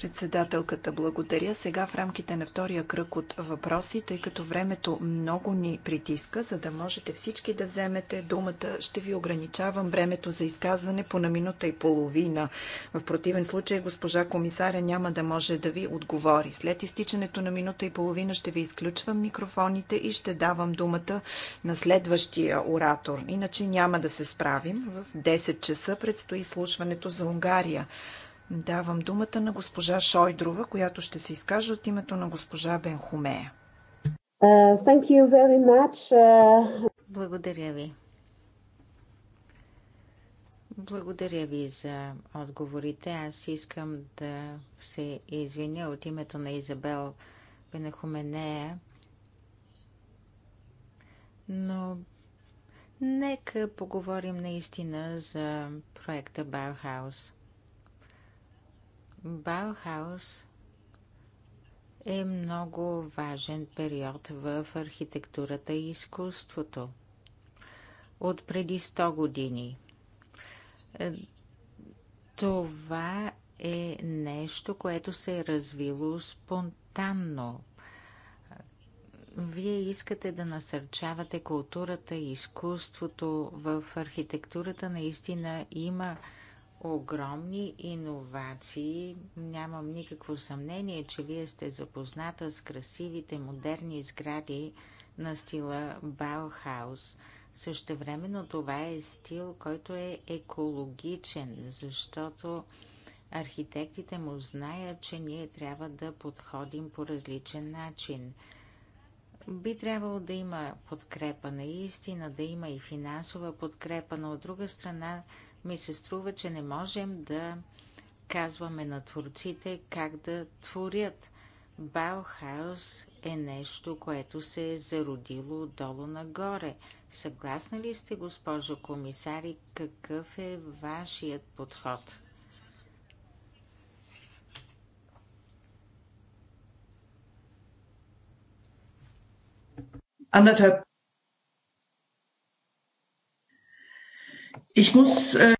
Председателката, благодаря. Сега в рамките на втория кръг от въпроси, тъй като времето много ни притиска, за да можете всички да вземете думата, ще ви ограничавам времето за изказване по на минута и половина. В противен случай госпожа комисаря няма да може да ви отговори. След изтичането на минута и половина ще ви изключвам микрофоните и ще давам думата на следващия оратор. Иначе няма да се справим. В 10 часа предстои слушването за Унгария. Давам думата на госпожа Шойдрова, която ще се изкаже от името на госпожа Бенхумея. Uh, thank you very much. Uh... Благодаря ви. Благодаря ви за отговорите. Аз искам да се извиня от името на Изабел Бенехуменея. но нека поговорим наистина за проекта Баухаус. Баухаус е много важен период в архитектурата и изкуството. От преди 100 години. Е, това е нещо, което се е развило спонтанно. Вие искате да насърчавате културата и изкуството в архитектурата. Наистина има огромни иновации. Нямам никакво съмнение, че вие сте запозната с красивите модерни сгради на стила Баухаус. Същевременно това е стил, който е екологичен, защото архитектите му знаят, че ние трябва да подходим по различен начин. Би трябвало да има подкрепа наистина, да има и финансова подкрепа, но от друга страна ми се струва, че не можем да казваме на творците как да творят. Баухаус е нещо, което се е зародило долу нагоре. Съгласна ли сте, госпожо комисари, какъв е вашият подход? Ich muss äh,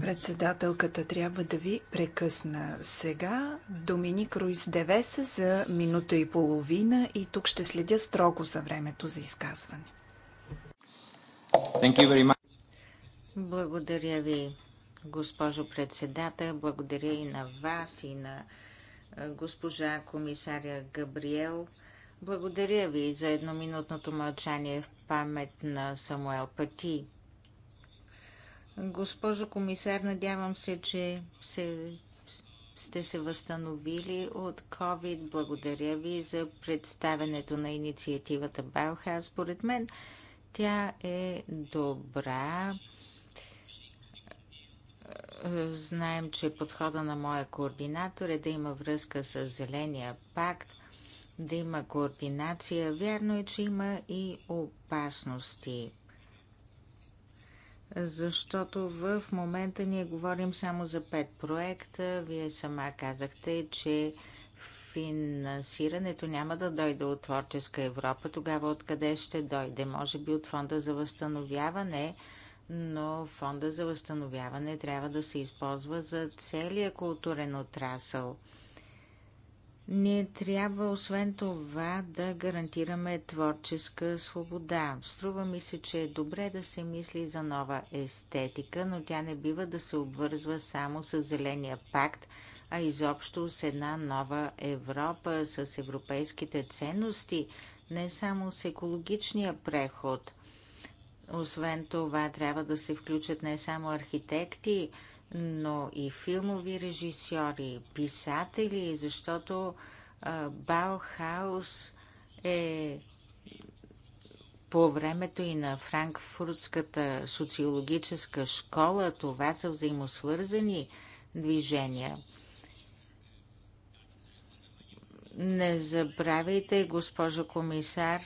Председателката трябва да ви прекъсна сега. Доминик Руис Девеса за минута и половина и тук ще следя строго за времето за изказване. Благодаря ви, госпожо председател. Благодаря и на вас, и на госпожа комисаря Габриел. Благодаря ви за едноминутното мълчание в памет на Самуел Пати. Госпожо комисар, надявам се, че се, сте се възстановили от COVID. Благодаря ви за представенето на инициативата Баухаус. Според мен тя е добра. Знаем, че подхода на моя координатор е да има връзка с Зеления пакт, да има координация. Вярно е, че има и опасности – защото в момента ние говорим само за пет проекта. Вие сама казахте, че финансирането няма да дойде от Творческа Европа. Тогава откъде ще дойде? Може би от Фонда за възстановяване, но Фонда за възстановяване трябва да се използва за целия културен отрасъл – ние трябва, освен това, да гарантираме творческа свобода. Струва ми се, че е добре да се мисли за нова естетика, но тя не бива да се обвързва само с Зеления пакт, а изобщо с една нова Европа, с европейските ценности, не само с екологичния преход. Освен това, трябва да се включат не само архитекти, но и филмови режисьори, писатели, защото Баухаус е по времето и на Франкфуртската социологическа школа. Това са взаимосвързани движения. Не забравяйте, госпожо комисар,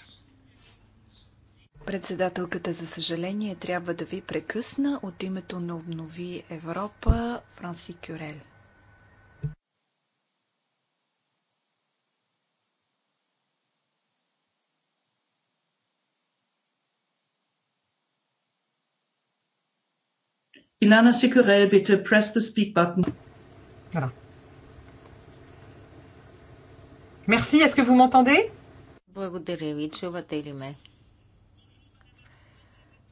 Председателката, за съжаление, трябва да ви прекъсна от името на Обнови Европа, Франси Кюрел. Ilana Sikurel, bitte press the speak button. Voilà. Merci, est-ce que vous m'entendez Благодаря ви, чувате ли ме?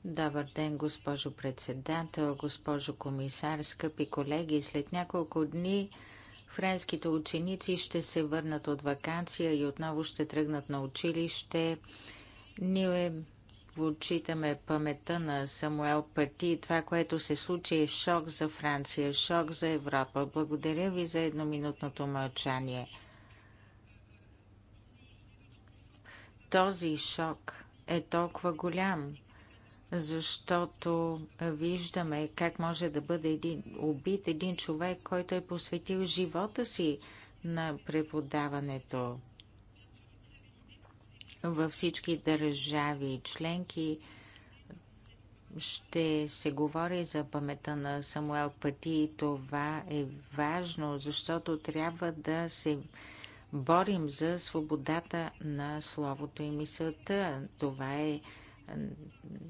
Добър ден, госпожо председател, госпожо комисар, скъпи колеги. След няколко дни френските ученици ще се върнат от вакансия и отново ще тръгнат на училище. Ние отчитаме памета на Самуел Пати. Това, което се случи е шок за Франция, шок за Европа. Благодаря ви за едноминутното мълчание. Този шок е толкова голям, защото виждаме как може да бъде един, убит един човек, който е посветил живота си на преподаването. Във всички държави и членки ще се говори за памета на Самуел Пъти и това е важно, защото трябва да се борим за свободата на словото и мисълта. Това е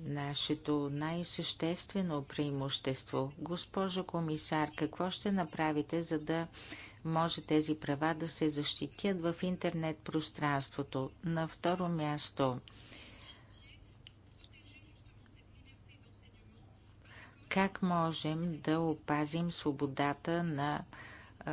нашето най-съществено преимущество. Госпожо комисар, какво ще направите, за да може тези права да се защитят в интернет пространството? На второ място, как можем да опазим свободата на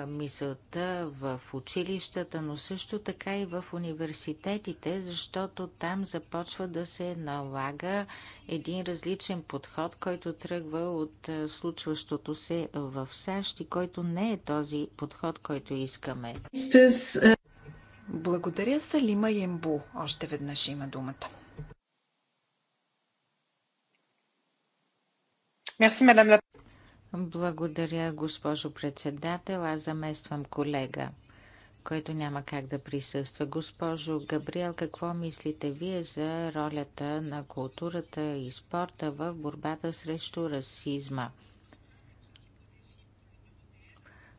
мисълта в училищата, но също така и в университетите, защото там започва да се налага един различен подход, който тръгва от случващото се в САЩ и който не е този подход, който искаме. Благодаря Салима Ембу. Още веднъж има думата. Мерси, мадам благодаря, госпожо председател. Аз замествам колега, който няма как да присъства. Госпожо Габриел, какво мислите вие за ролята на културата и спорта в борбата срещу расизма?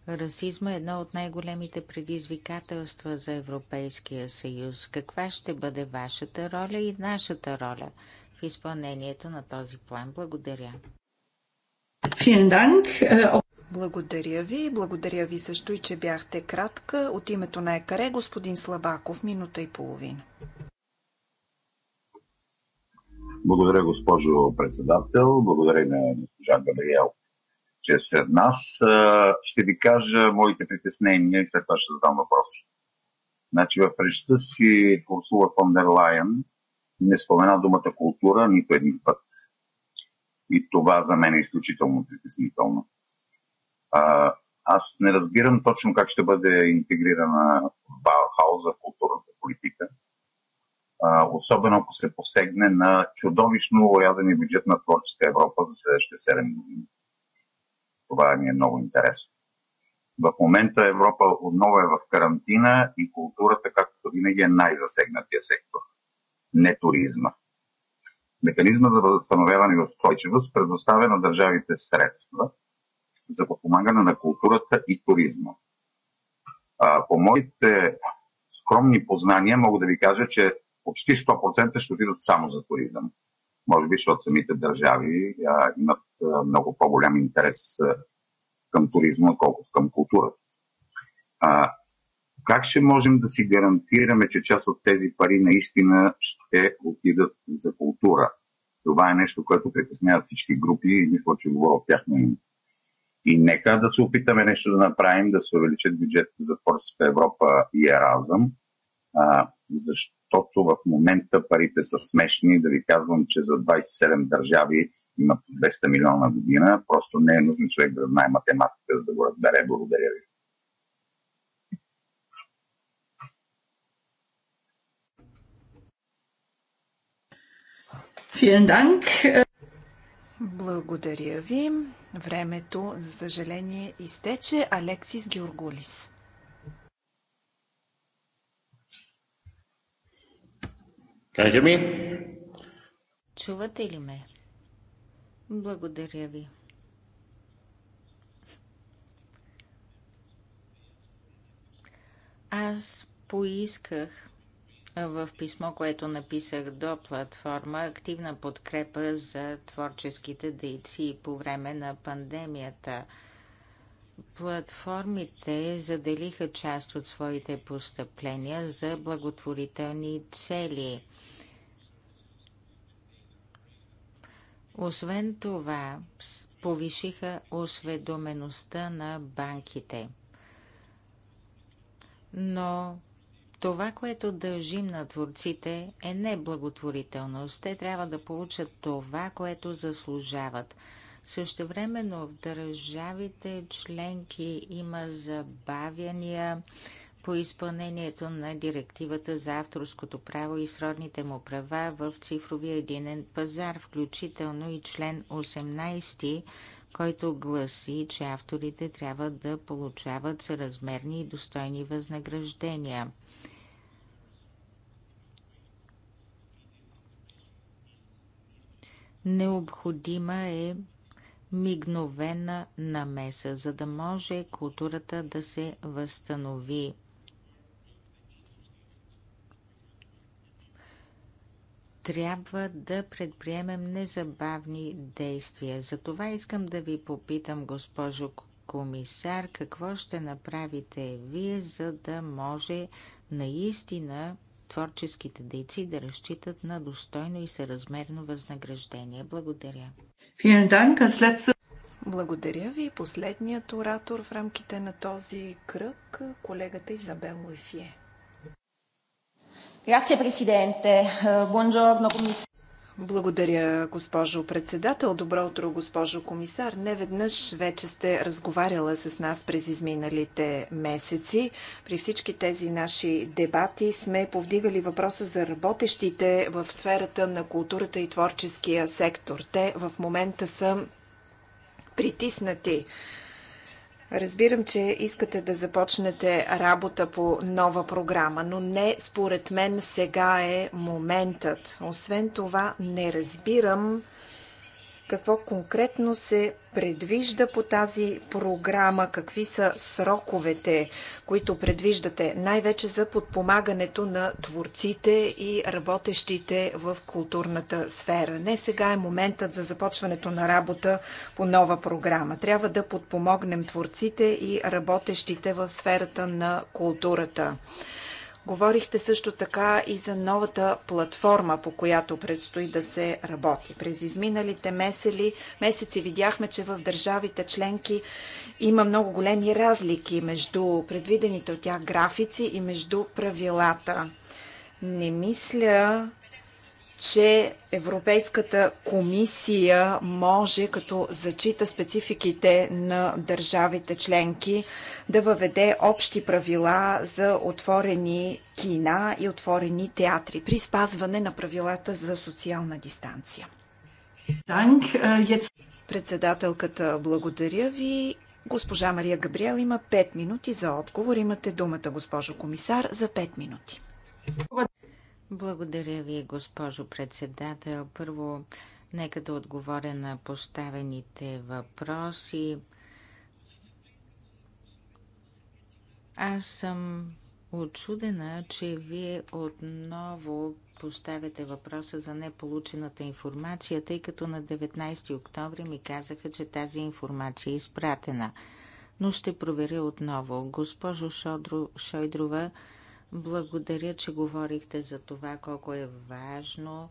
Расизма е едно от най-големите предизвикателства за Европейския съюз. Каква ще бъде вашата роля и нашата роля в изпълнението на този план? Благодаря. Äh, Благодаря ви. Благодаря ви също и, че бяхте кратка. От името на ЕКАРЕ, господин Слабаков, минута и половина. Благодаря, госпожо председател. Благодаря на госпожа Габриел, че е сред нас. Е, ще ви кажа моите притеснения и след това ще задам въпроси. Значи в речта си Урсула фон дер Лайен не спомена думата култура нито един път. И това за мен е изключително притеснително. А, аз не разбирам точно как ще бъде интегрирана Баухауза културната политика, а, особено ако се посегне на чудовищно урязани бюджет на творческа Европа за следващите 7 години. Това ми е много интересно. В момента Европа отново е в карантина и културата, както винаги, е най-засегнатия сектор. Не туризма. Механизма за възстановяване и устойчивост предоставя на държавите средства за подпомагане на културата и туризма. А, по моите скромни познания мога да ви кажа, че почти 100% ще отидат само за туризъм. Може би, защото самите държави а, имат а, много по-голям интерес а, към туризма, колкото към културата как ще можем да си гарантираме, че част от тези пари наистина ще отидат за култура? Това е нещо, което притеснява всички групи и мисля, че говоря от тяхно име. И нека да се опитаме нещо да направим, да се увеличат бюджет за Творческа Европа и Еразъм, защото в момента парите са смешни. Да ви казвам, че за 27 държави имат 200 милиона година. Просто не е нужно човек да знае математика, за да го разбере. Благодаря ви. Благодаря ви. Времето, за съжаление, изтече. Алексис Георгулис. Can ми. Чувате ли ме? Благодаря ви. Аз поисках в писмо, което написах до платформа активна подкрепа за творческите дейци по време на пандемията. Платформите заделиха част от своите постъпления за благотворителни цели. Освен това, повишиха осведомеността на банките. Но това, което дължим на творците, е неблаготворителност. Те трябва да получат това, което заслужават. Същевременно в държавите членки има забавяния по изпълнението на директивата за авторското право и сродните му права в цифровия единен пазар, включително и член 18, който гласи, че авторите трябва да получават съразмерни и достойни възнаграждения. Необходима е мигновена намеса, за да може културата да се възстанови. трябва да предприемем незабавни действия. Затова искам да ви попитам, госпожо комисар, какво ще направите вие, за да може наистина творческите дейци да разчитат на достойно и съразмерно възнаграждение. Благодаря. Благодаря ви. Последният оратор в рамките на този кръг, колегата Изабел Лойфие. Grazie президенте. buongiorno Commissario. Благодаря, госпожо председател. Добро утро, госпожо комисар. Не веднъж вече сте разговаряла с нас през изминалите месеци. При всички тези наши дебати сме повдигали въпроса за работещите в сферата на културата и творческия сектор. Те в момента са притиснати Разбирам, че искате да започнете работа по нова програма, но не според мен сега е моментът. Освен това, не разбирам какво конкретно се предвижда по тази програма, какви са сроковете, които предвиждате, най-вече за подпомагането на творците и работещите в културната сфера. Не сега е моментът за започването на работа по нова програма. Трябва да подпомогнем творците и работещите в сферата на културата. Говорихте също така и за новата платформа, по която предстои да се работи. През изминалите месели, месеци видяхме, че в държавите членки има много големи разлики между предвидените от тях графици и между правилата. Не мисля, че Европейската комисия може, като зачита спецификите на държавите членки, да въведе общи правила за отворени кина и отворени театри при спазване на правилата за социална дистанция. Е, Председателката, благодаря ви. Госпожа Мария Габриел има 5 минути за отговор. Имате думата, госпожо комисар, за 5 минути. Благодаря ви, госпожо председател. Първо, нека да отговоря на поставените въпроси. Аз съм очудена, че вие отново поставяте въпроса за неполучената информация, тъй като на 19 октомври ми казаха, че тази информация е изпратена. Но ще проверя отново. Госпожо Шодро, Шойдрова, благодаря, че говорихте за това колко е важно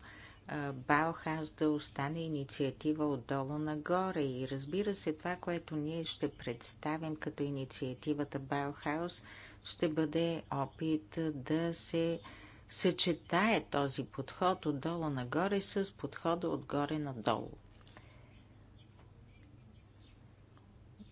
Баухаус да остане инициатива отдолу нагоре. И разбира се, това, което ние ще представим като инициативата Баухаус, ще бъде опит да се съчетае този подход отдолу нагоре с подхода отгоре надолу.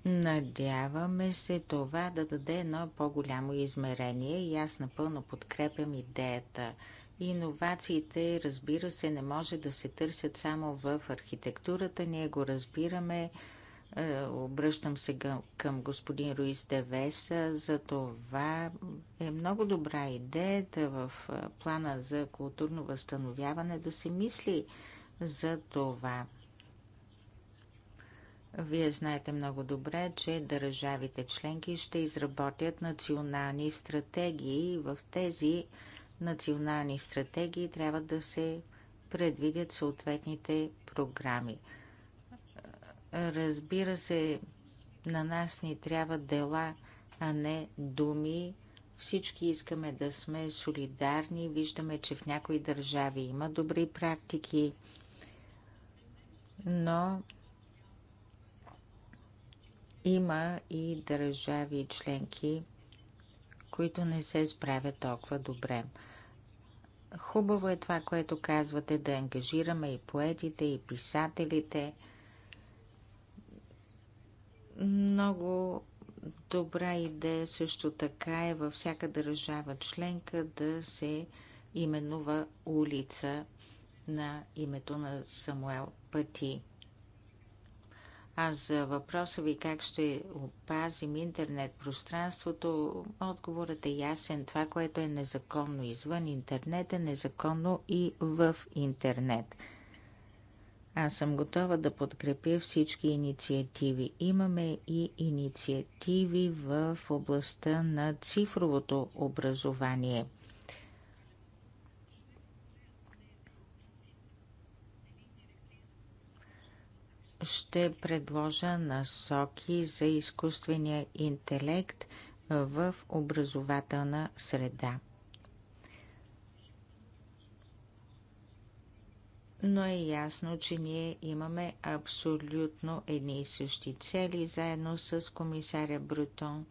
Надяваме се това да даде едно по-голямо измерение и аз напълно подкрепям идеята. Иновациите, разбира се, не може да се търсят само в архитектурата. Ние го разбираме. Е, обръщам се към господин Руис Девеса. За това е много добра идеята в е, плана за културно възстановяване да се мисли за това. Вие знаете много добре, че държавите членки ще изработят национални стратегии. В тези национални стратегии трябва да се предвидят съответните програми. Разбира се, на нас ни трябва дела, а не думи. Всички искаме да сме солидарни. Виждаме, че в някои държави има добри практики, но има и държави и членки, които не се справят толкова добре. Хубаво е това, което казвате, да ангажираме и поетите, и писателите. Много добра идея също така е във всяка държава членка да се именува улица на името на Самуел Пъти. А за въпроса ви как ще опазим интернет пространството, отговорът е ясен. Това, което е незаконно извън интернет, е незаконно и в интернет. Аз съм готова да подкрепя всички инициативи. Имаме и инициативи в областта на цифровото образование – ще предложа насоки за изкуствения интелект в образователна среда. но е ясно, че ние имаме абсолютно едни и същи цели, заедно с комисаря Брутон.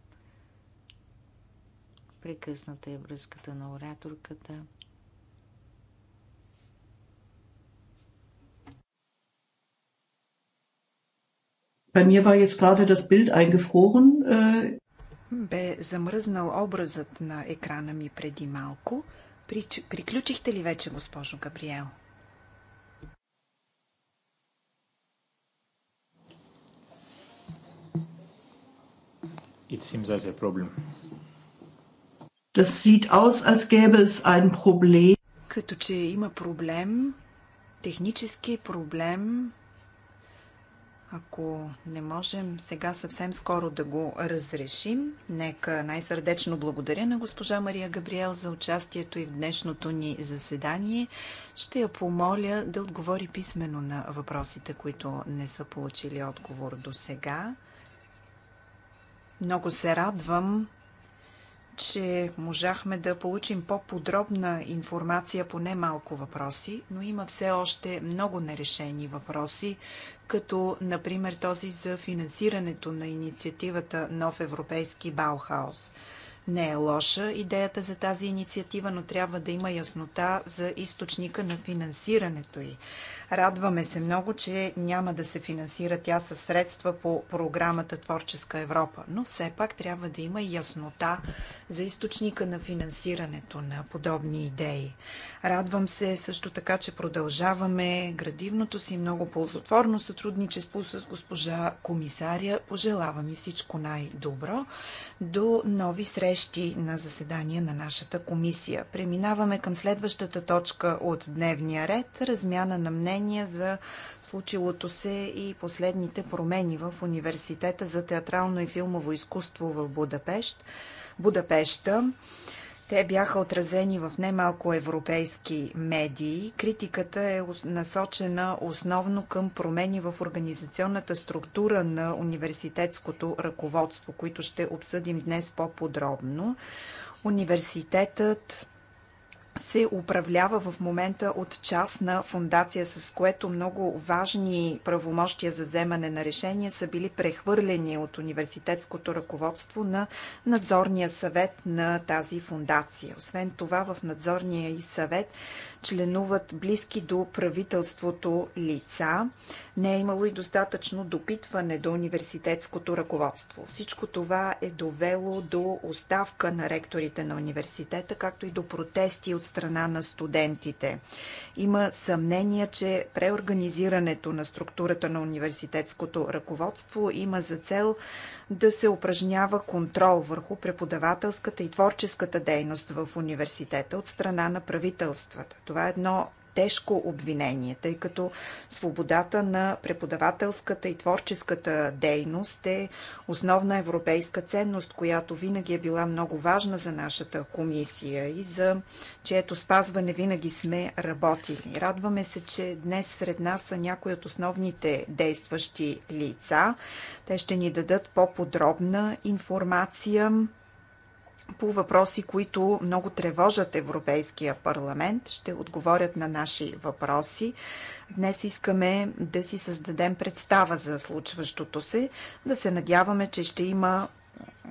Прекъсната е връзката на ораторката. Bei mir war jetzt gerade das Bild eingefroren. Äh, бе замръзнал образът на екрана ми преди малко. Прич... Приключихте ли вече, госпожо Габриел? It seems as a problem. Das sieht aus, als gäbe es ein Problem. Като че има проблем, технически проблем, ако не можем сега съвсем скоро да го разрешим, нека най-сърдечно благодаря на госпожа Мария Габриел за участието и в днешното ни заседание. Ще я помоля да отговори писменно на въпросите, които не са получили отговор до сега. Много се радвам че можахме да получим по-подробна информация по немалко въпроси, но има все още много нерешени въпроси, като например този за финансирането на инициативата Нов европейски Баухаус не е лоша идеята за тази инициатива, но трябва да има яснота за източника на финансирането й. Радваме се много, че няма да се финансира тя със средства по програмата Творческа Европа, но все пак трябва да има яснота за източника на финансирането на подобни идеи. Радвам се също така, че продължаваме градивното си много ползотворно сътрудничество с госпожа комисаря. Пожелавам и всичко най-добро до нови срещи срещи на заседания на нашата комисия. Преминаваме към следващата точка от дневния ред размяна на мнения за случилото се и последните промени в Университета за театрално и филмово изкуство в Будапешт. Будапешта. Те бяха отразени в немалко европейски медии. Критиката е насочена основно към промени в организационната структура на университетското ръководство, които ще обсъдим днес по-подробно. Университетът се управлява в момента от частна фундация, с което много важни правомощия за вземане на решения са били прехвърлени от университетското ръководство на надзорния съвет на тази фундация. Освен това, в надзорния и съвет членуват близки до правителството лица. Не е имало и достатъчно допитване до университетското ръководство. Всичко това е довело до оставка на ректорите на университета, както и до протести от страна на студентите. Има съмнение, че преорганизирането на структурата на университетското ръководство има за цел да се упражнява контрол върху преподавателската и творческата дейност в университета от страна на правителствата. Това е едно тежко обвинение, тъй като свободата на преподавателската и творческата дейност е основна европейска ценност, която винаги е била много важна за нашата комисия и за чието спазване винаги сме работили. Радваме се, че днес сред нас са някои от основните действащи лица. Те ще ни дадат по-подробна информация по въпроси, които много тревожат Европейския парламент. Ще отговорят на наши въпроси. Днес искаме да си създадем представа за случващото се, да се надяваме, че ще има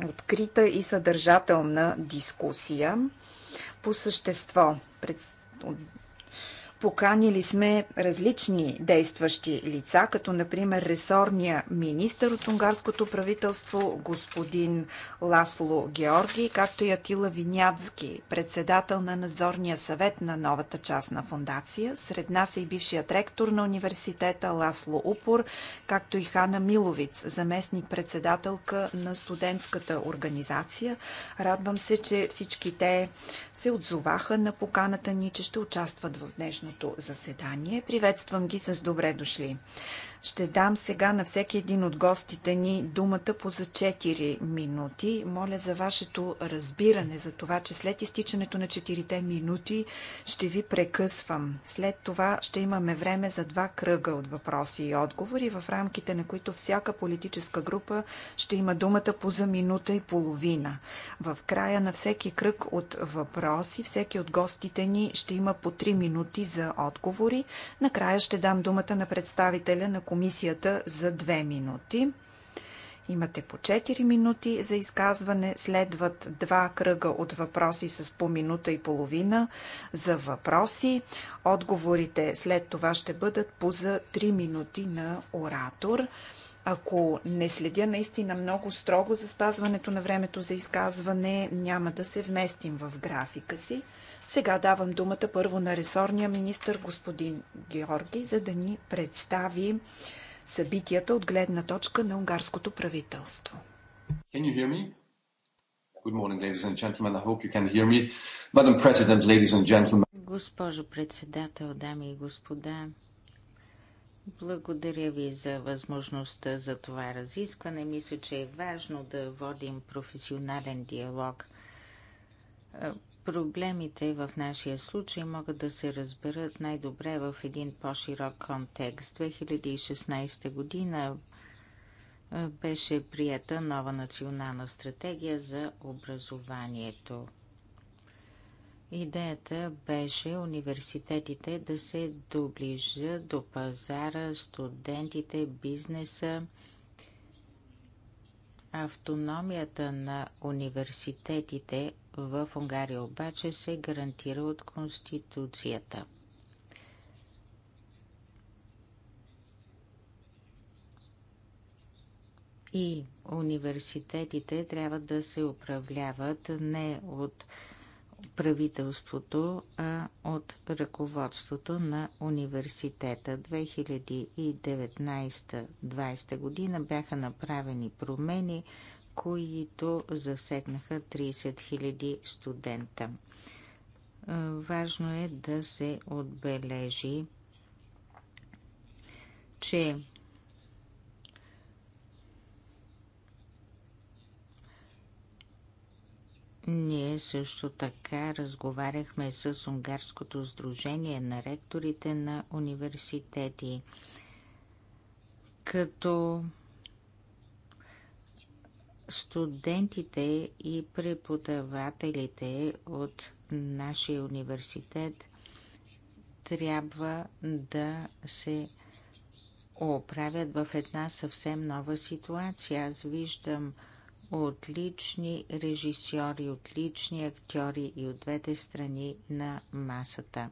открита и съдържателна дискусия по същество. Пред Поканили сме различни действащи лица, като например ресорния министр от унгарското правителство, господин Ласло Георги, както и Атила Винятски, председател на надзорния съвет на новата част на фундация. Сред нас е и бившият ректор на университета Ласло Упор, както и Хана Миловиц, заместник-председателка на студентската организация. Радвам се, че всички те се отзоваха на поканата ни, че ще участват в днешно днешното заседание. Приветствам ги с добре дошли. Ще дам сега на всеки един от гостите ни думата по за 4 минути. Моля за вашето разбиране за това, че след изтичането на 4 минути ще ви прекъсвам. След това ще имаме време за два кръга от въпроси и отговори, в рамките на които всяка политическа група ще има думата по за минута и половина. В края на всеки кръг от въпроси, всеки от гостите ни ще има по 3 минути за отговори. Накрая ще дам думата на представителя на комисията за 2 минути. Имате по 4 минути за изказване. Следват два кръга от въпроси с по минута и половина за въпроси. Отговорите след това ще бъдат по за 3 минути на оратор. Ако не следя наистина много строго за спазването на времето за изказване, няма да се вместим в графика си. Сега давам думата първо на ресорния министр господин Георги, за да ни представи събитията от гледна точка на унгарското правителство. Can you hear me? Good morning, ladies and gentlemen. I hope you can hear me. Madam President, ladies and gentlemen. Госпожо председател, дами и господа, благодаря ви за възможността за това разискване. Мисля, че е важно да водим професионален диалог Проблемите в нашия случай могат да се разберат най-добре в един по-широк контекст. 2016 година беше прията нова национална стратегия за образованието. Идеята беше университетите да се доближат до пазара, студентите, бизнеса. Автономията на университетите в Унгария обаче се гарантира от Конституцията. И университетите трябва да се управляват не от правителството, а от ръководството на университета. 2019-2020 година бяха направени промени които засегнаха 30 000 студента. Важно е да се отбележи, че Ние също така разговаряхме с Унгарското сдружение на ректорите на университети, като Студентите и преподавателите от нашия университет трябва да се оправят в една съвсем нова ситуация. Аз виждам отлични режисьори, отлични актьори и от двете страни на масата.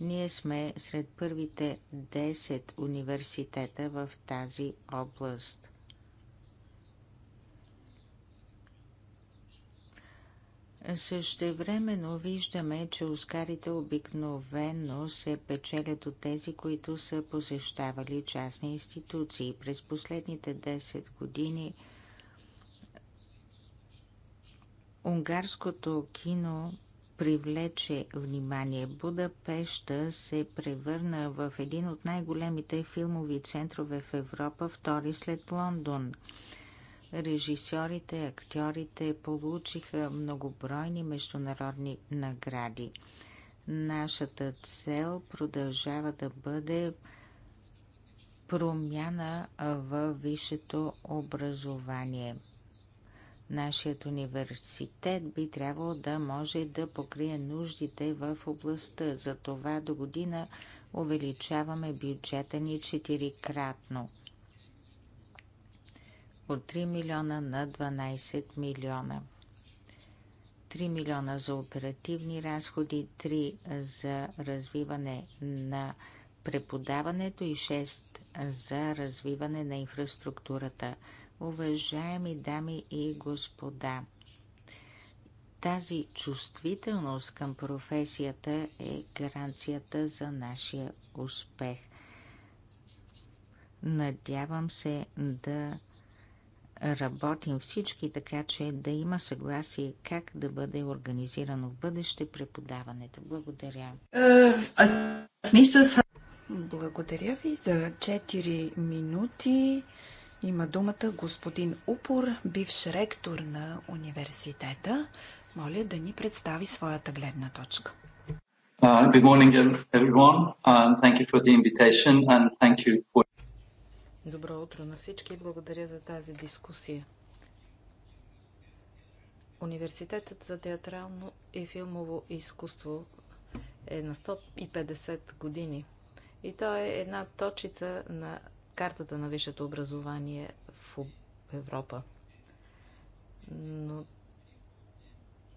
Ние сме сред първите 10 университета в тази област. Същевременно виждаме, че Оскарите обикновено се печелят от тези, които са посещавали частни институции. През последните 10 години унгарското кино привлече внимание. Будапешта се превърна в един от най-големите филмови центрове в Европа, втори след Лондон. Режисьорите, актьорите получиха многобройни международни награди. Нашата цел продължава да бъде промяна в висшето образование. Нашият университет би трябвало да може да покрие нуждите в областта. За това до година увеличаваме бюджета ни четирикратно от 3 милиона на 12 милиона. 3 милиона за оперативни разходи, 3 за развиване на преподаването и 6 за развиване на инфраструктурата. Уважаеми дами и господа, тази чувствителност към професията е гаранцията за нашия успех. Надявам се да работим всички, така че да има съгласие как да бъде организирано в бъдеще преподаването. Благодаря. Благодаря ви за 4 минути. Има думата господин Упор, бивш ректор на университета. Моля да ни представи своята гледна точка. Uh, good morning, everyone. Um, thank you for the invitation and thank you for Добро утро на всички и благодаря за тази дискусия. Университетът за театрално и филмово изкуство е на 150 години и той е една точица на картата на висшето образование в Европа. Но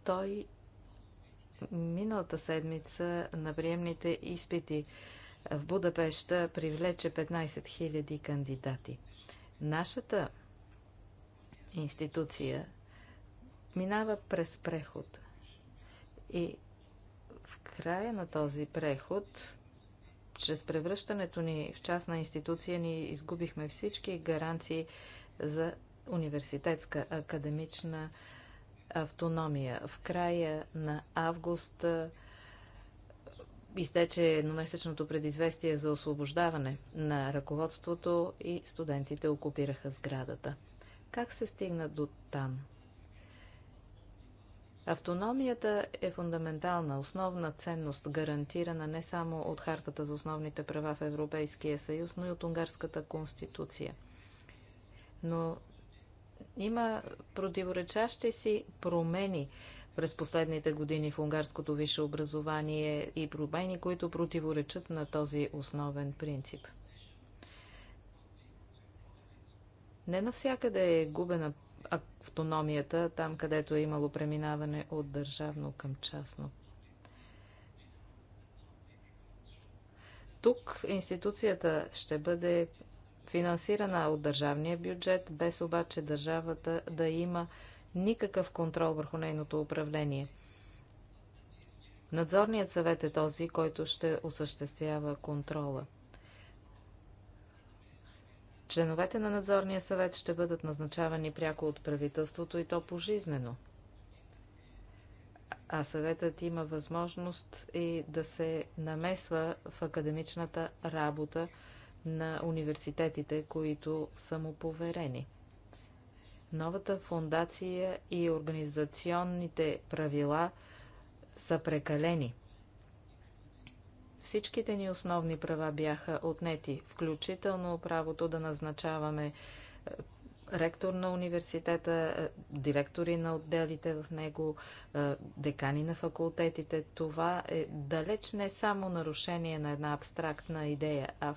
той миналата седмица на приемните изпити в Будапешта привлече 15 000 кандидати. Нашата институция минава през преход. И в края на този преход, чрез превръщането ни в частна институция, ни изгубихме всички гаранции за университетска академична автономия. В края на август изтече едномесечното предизвестие за освобождаване на ръководството и студентите окупираха сградата. Как се стигна до там? Автономията е фундаментална, основна ценност, гарантирана не само от Хартата за основните права в Европейския съюз, но и от Унгарската конституция. Но има противоречащи си промени през последните години в унгарското висше образование и промени, които противоречат на този основен принцип. Не навсякъде е губена автономията, там където е имало преминаване от държавно към частно. Тук институцията ще бъде финансирана от държавния бюджет, без обаче държавата да има никакъв контрол върху нейното управление. Надзорният съвет е този, който ще осъществява контрола. Членовете на надзорния съвет ще бъдат назначавани пряко от правителството и то пожизнено. А съветът има възможност и да се намесва в академичната работа на университетите, които са му поверени. Новата фундация и организационните правила са прекалени. Всичките ни основни права бяха отнети, включително правото да назначаваме е, ректор на университета, е, директори на отделите в него, е, декани на факултетите. Това е далеч не само нарушение на една абстрактна идея, а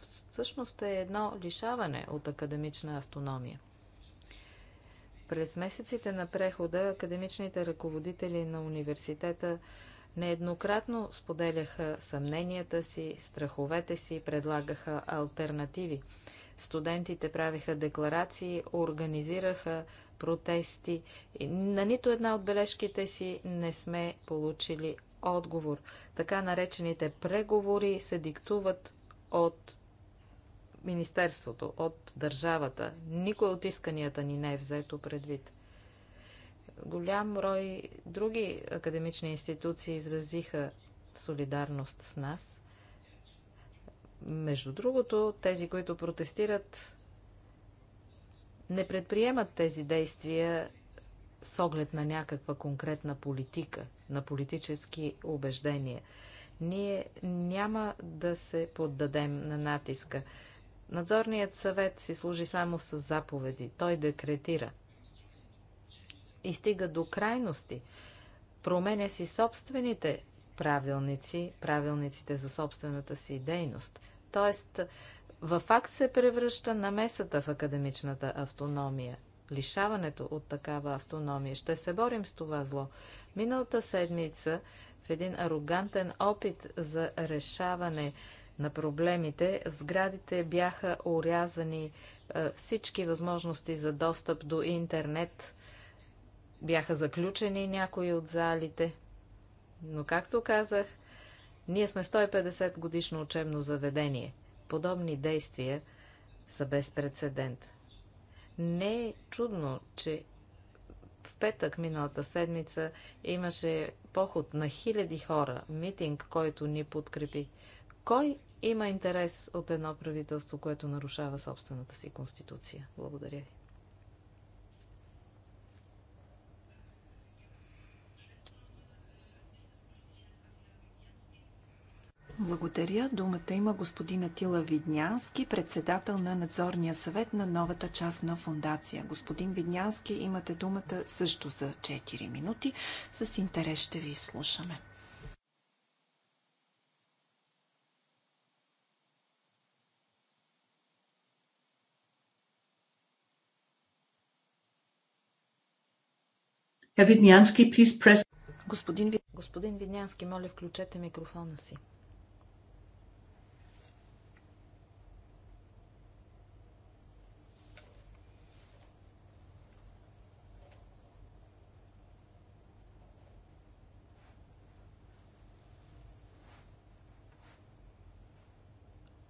всъщност е едно лишаване от академична автономия. През месеците на прехода академичните ръководители на университета нееднократно споделяха съмненията си, страховете си, предлагаха альтернативи. Студентите правиха декларации, организираха протести. На нито една от бележките си не сме получили отговор. Така наречените преговори се диктуват от Министерството, от държавата. Никой от исканията ни не е взето предвид. Голям брой други академични институции изразиха солидарност с нас. Между другото, тези, които протестират, не предприемат тези действия с оглед на някаква конкретна политика, на политически убеждения. Ние няма да се поддадем на натиска. Надзорният съвет си служи само с заповеди. Той декретира. И стига до крайности. Променя си собствените правилници, правилниците за собствената си дейност. Тоест, във факт се превръща намесата в академичната автономия. Лишаването от такава автономия. Ще се борим с това зло. Миналата седмица в един арогантен опит за решаване на проблемите. В сградите бяха орязани е, всички възможности за достъп до интернет. Бяха заключени някои от залите. Но, както казах, ние сме 150 годишно учебно заведение. Подобни действия са без прецедент. Не е чудно, че в петък миналата седмица имаше поход на хиляди хора, митинг, който ни подкрепи. Кой има интерес от едно правителство, което нарушава собствената си конституция. Благодаря ви. Благодаря. Думата има господин Атила Виднянски, председател на надзорния съвет на новата частна фундация. Господин Виднянски, имате думата също за 4 минути. С интерес ще ви слушаме. Виднянски, please press... Господин, господин Виднянски, моля, включете микрофона си.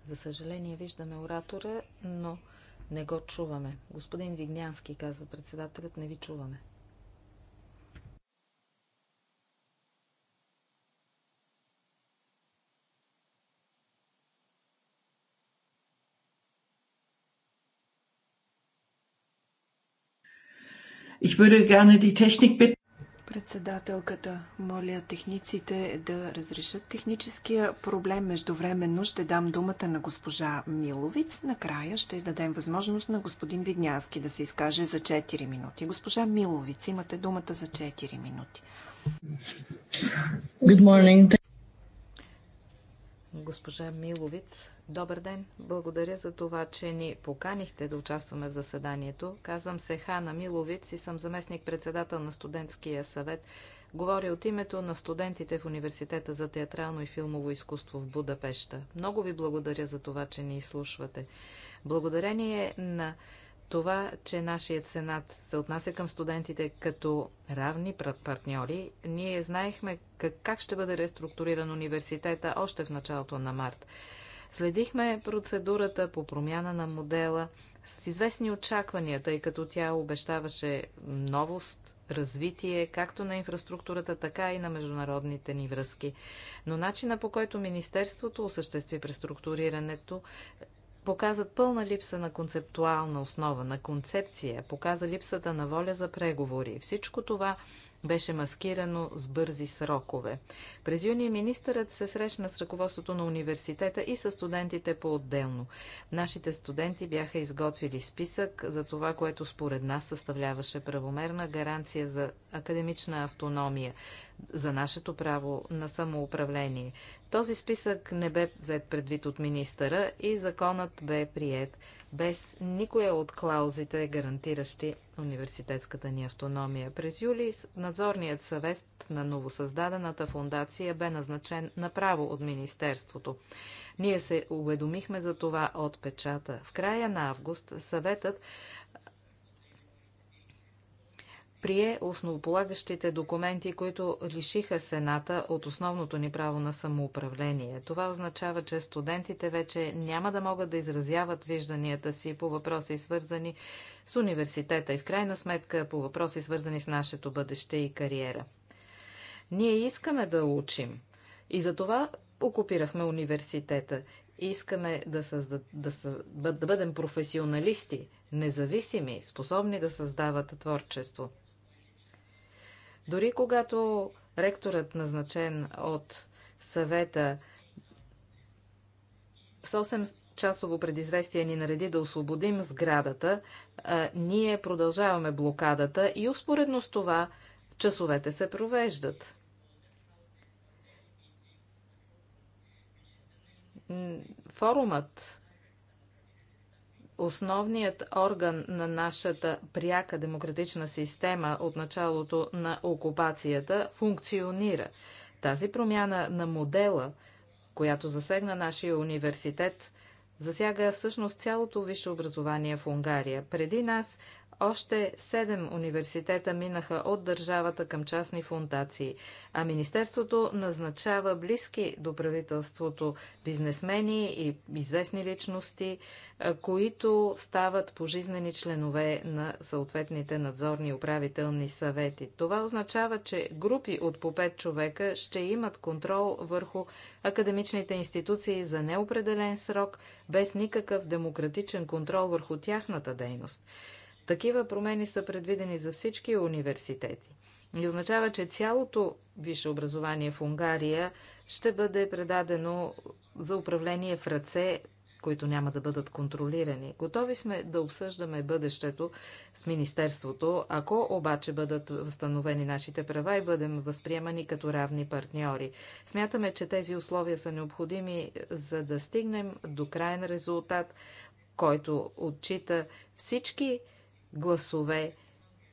За съжаление виждаме оратора, но не го чуваме. Господин Вигнянски, казва председателят, не ви чуваме. Ich würde gerne die Technik bitten. Председателката моля техниците да разрешат техническия проблем. Междувременно ще дам думата на госпожа Миловиц. Накрая ще дадем възможност на господин Видняски да се изкаже за 4 минути. Госпожа Миловиц, имате думата за 4 минути. Good morning. Госпожа Миловиц, добър ден. Благодаря за това, че ни поканихте да участваме в заседанието. Казвам се Хана Миловиц и съм заместник-председател на студентския съвет. Говоря от името на студентите в Университета за театрално и филмово изкуство в Будапешта. Много ви благодаря за това, че ни изслушвате. Благодарение на това, че нашият сенат се отнася към студентите като равни партньори, ние знаехме как, как ще бъде реструктуриран университета още в началото на март. Следихме процедурата по промяна на модела с известни очаквания, тъй като тя обещаваше новост, развитие, както на инфраструктурата, така и на международните ни връзки. Но начина по който Министерството осъществи преструктурирането показват пълна липса на концептуална основа, на концепция, показа липсата на воля за преговори. Всичко това беше маскирано с бързи срокове. През юни министърът се срещна с ръководството на университета и с студентите по-отделно. Нашите студенти бяха изготвили списък за това, което според нас съставляваше правомерна гаранция за академична автономия, за нашето право на самоуправление. Този списък не бе взет предвид от министъра и законът бе прият без никоя от клаузите, гарантиращи университетската ни автономия. През юли надзорният съвет на новосъздадената фундация бе назначен направо от Министерството. Ние се уведомихме за това от печата. В края на август съветът прие основополагащите документи, които лишиха Сената от основното ни право на самоуправление. Това означава, че студентите вече няма да могат да изразяват вижданията си по въпроси, свързани с университета и в крайна сметка по въпроси, свързани с нашето бъдеще и кариера. Ние искаме да учим и за това окупирахме университета. Искаме да, създад, да, съ, да бъдем професионалисти, независими, способни да създават творчество. Дори когато ректорът, назначен от съвета, с 8 часово предизвестие ни нареди да освободим сградата, ние продължаваме блокадата и успоредно с това часовете се провеждат. Форумът основният орган на нашата пряка демократична система от началото на окупацията функционира. Тази промяна на модела, която засегна нашия университет, засяга всъщност цялото висше образование в Унгария. Преди нас още седем университета минаха от държавата към частни фундации, а Министерството назначава близки до правителството бизнесмени и известни личности, които стават пожизнени членове на съответните надзорни управителни съвети. Това означава, че групи от по пет човека ще имат контрол върху академичните институции за неопределен срок, без никакъв демократичен контрол върху тяхната дейност. Такива промени са предвидени за всички университети. И означава, че цялото висше образование в Унгария ще бъде предадено за управление в ръце, които няма да бъдат контролирани. Готови сме да обсъждаме бъдещето с Министерството, ако обаче бъдат възстановени нашите права и бъдем възприемани като равни партньори. Смятаме, че тези условия са необходими, за да стигнем до крайен резултат, който отчита всички гласове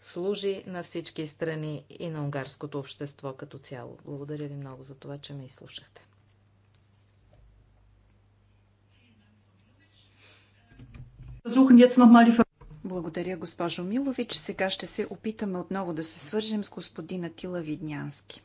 служи на всички страни и на унгарското общество като цяло. Благодаря ви много за това, че ме изслушахте. Благодаря, госпожо Милович. Сега ще се опитаме отново да се свържем с господина Тила Виднянски.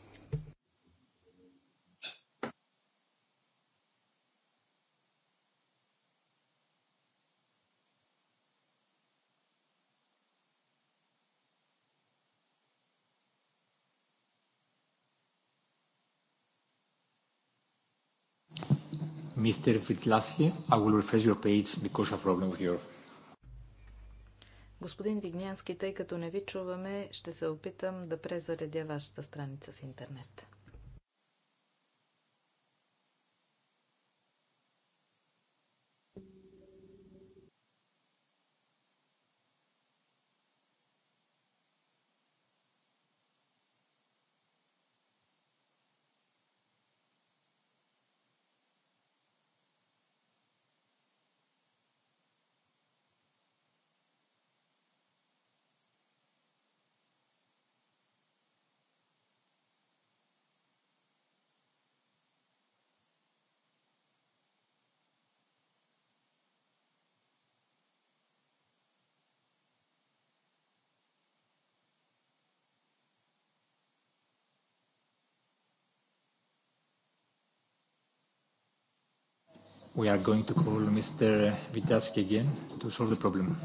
Mr. Vitlaski, I will refresh your page because of problem with your... Господин Вигнянски, тъй като не ви чуваме, ще се опитам да презаредя вашата страница в интернет. We are going to call Mr. Vitaski again to solve the problem.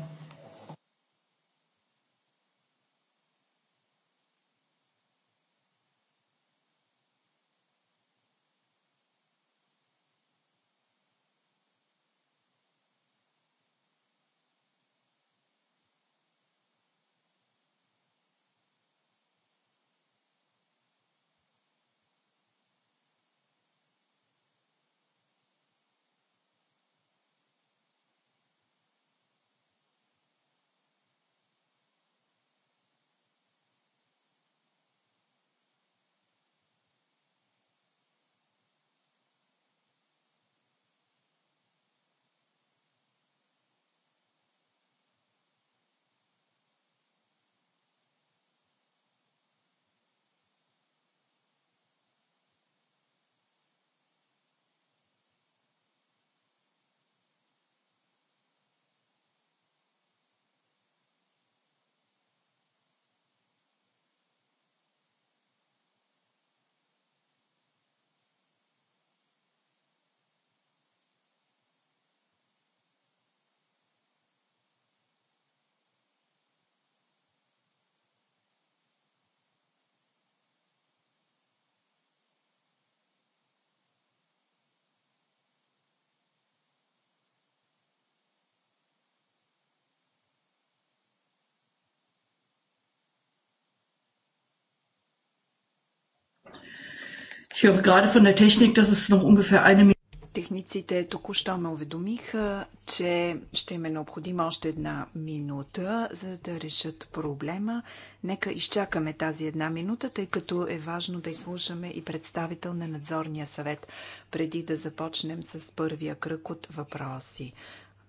Ich höre gerade von der Technik, dass es noch ungefähr eine Minute Техниците току-що ме уведомиха, че ще им е необходима още една минута, за да решат проблема. Нека изчакаме тази една минута, тъй като е важно да изслушаме и представител на надзорния съвет, преди да започнем с първия кръг от въпроси.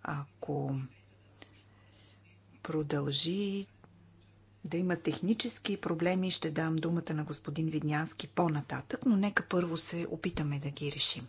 Ако продължи да има технически проблеми, ще дам думата на господин Виднянски по-нататък, но нека първо се опитаме да ги решим.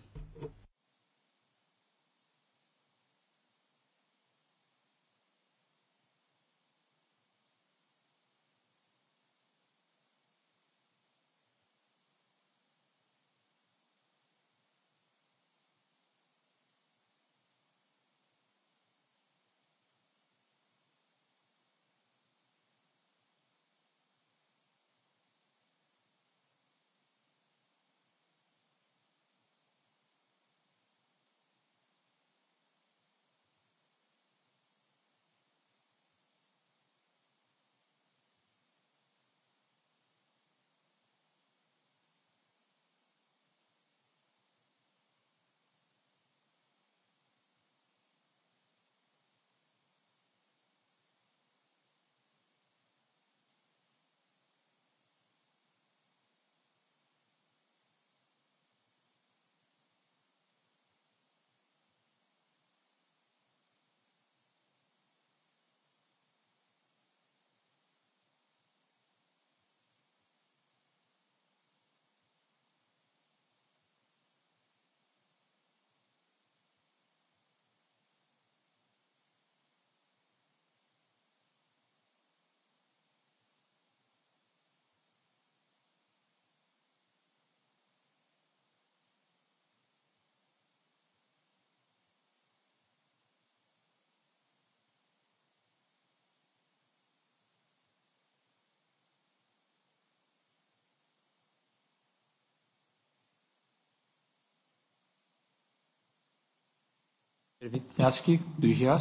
Revitňatsky, do you hear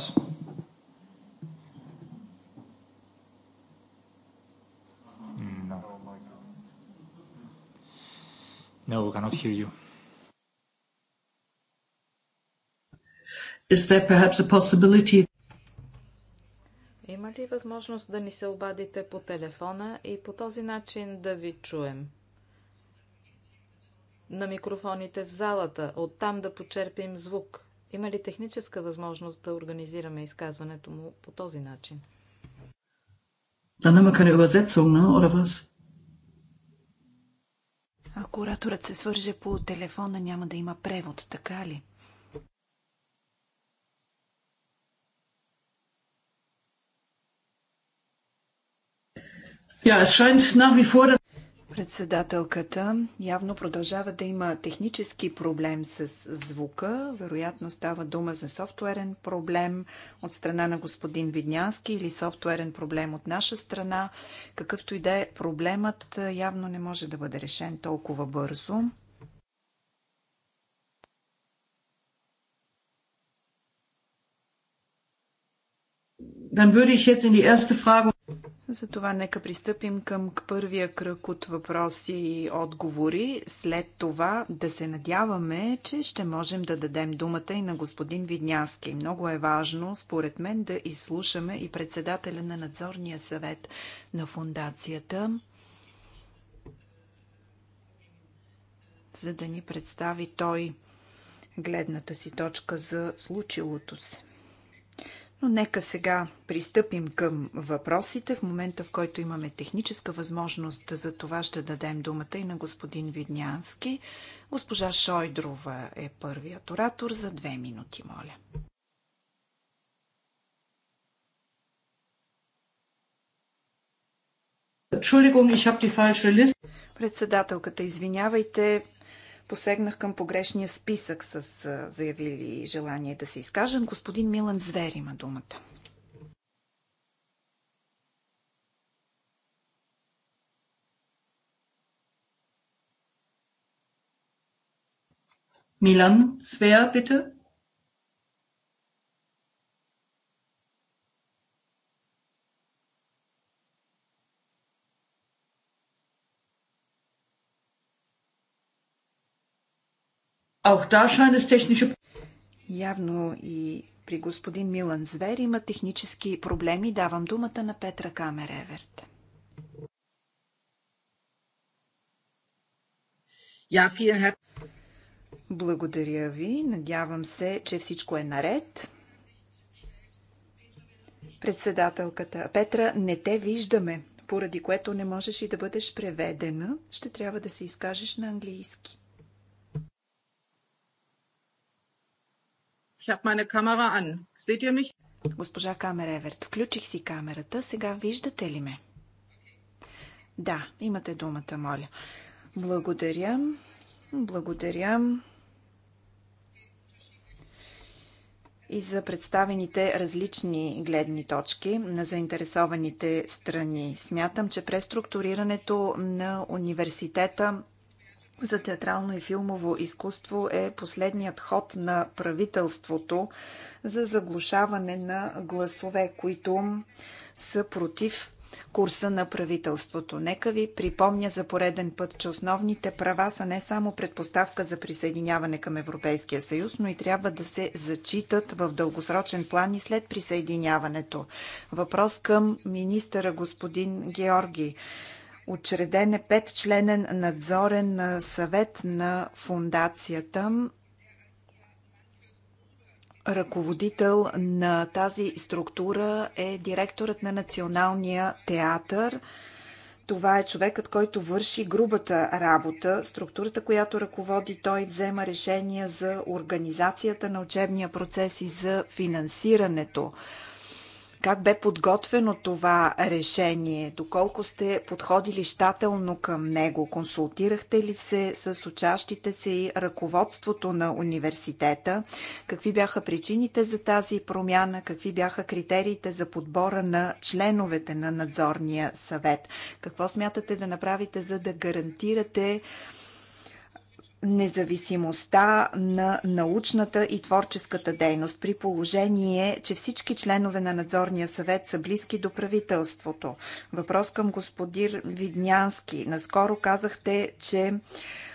No, we cannot hear you. Is there perhaps a possibility има ли възможност да ни се обадите по телефона и по този начин да ви чуем? На микрофоните в залата, оттам да почерпим звук. Има ли техническа възможност да организираме изказването му по този начин? Ако ораторът се свърже по телефона, няма да има превод, така ли? Ja, es scheint nach wie vor, dass Председателката явно продължава да има технически проблем с звука. Вероятно става дума за софтуерен проблем от страна на господин Виднянски или софтуерен проблем от наша страна. Какъвто и да е проблемът, явно не може да бъде решен толкова бързо. Dann würde ich jetzt in die erste Frage затова нека пристъпим към първия кръг от въпроси и отговори. След това да се надяваме, че ще можем да дадем думата и на господин Видняски. Много е важно, според мен, да изслушаме и председателя на надзорния съвет на фундацията, за да ни представи той гледната си точка за случилото се. Но нека сега пристъпим към въпросите. В момента, в който имаме техническа възможност за това, ще дадем думата и на господин Виднянски. Госпожа Шойдрова е първият оратор за две минути, моля. Председателката, извинявайте, посегнах към погрешния списък с заявили желание да се изкажат. Господин Милан Звер има думата. Милан Звер, bitte. Auch da scheint es technische... Явно и при господин Милан Звер има технически проблеми. Давам думата на Петра Камереверт. Благодаря ви. Надявам се, че всичко е наред. Председателката Петра, не те виждаме, поради което не можеш и да бъдеш преведена. Ще трябва да се изкажеш на английски. Ich habe meine Kamera an. Seht ihr mich? Госпожа Камереверт, включих си камерата. Сега виждате ли ме? Да, имате думата, моля. Благодаря. Благодаря. и за представените различни гледни точки на заинтересованите страни. Смятам, че преструктурирането на университета за театрално и филмово изкуство е последният ход на правителството за заглушаване на гласове, които са против курса на правителството. Нека ви припомня за пореден път, че основните права са не само предпоставка за присъединяване към Европейския съюз, но и трябва да се зачитат в дългосрочен план и след присъединяването. Въпрос към министъра господин Георги. Учреден е петчленен надзорен съвет на фундацията. Ръководител на тази структура е директорът на Националния театър. Това е човекът, който върши грубата работа. Структурата, която ръководи, той взема решения за организацията на учебния процес и за финансирането как бе подготвено това решение? Доколко сте подходили щателно към него? Консултирахте ли се с учащите се и ръководството на университета? Какви бяха причините за тази промяна? Какви бяха критериите за подбора на членовете на надзорния съвет? Какво смятате да направите, за да гарантирате независимостта на научната и творческата дейност, при положение, че всички членове на надзорния съвет са близки до правителството. Въпрос към господин Виднянски. Наскоро казахте, че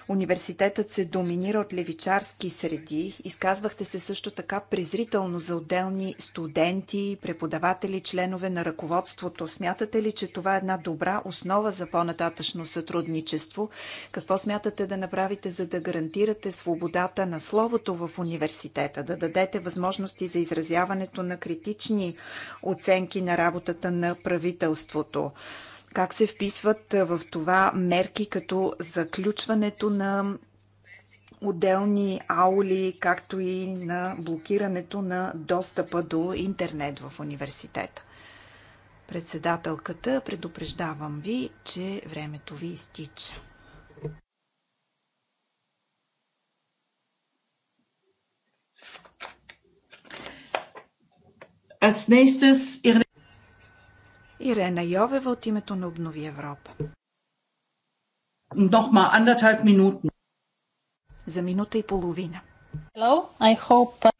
Университетът се доминира от левичарски среди. Изказвахте се също така презрително за отделни студенти, преподаватели, членове на ръководството. Смятате ли, че това е една добра основа за по-нататъчно сътрудничество? Какво смятате да направите, за да гарантирате свободата на словото в университета, да дадете възможности за изразяването на критични оценки на работата на правителството? Как се вписват в това мерки като заключването на отделни аули, както и на блокирането на достъпа до интернет в университета? Председателката, предупреждавам ви, че времето ви изтича. Als nächstes Ihre Ирена Йовева от името на Обнови Европа. За минута и половина. Hello, I hope...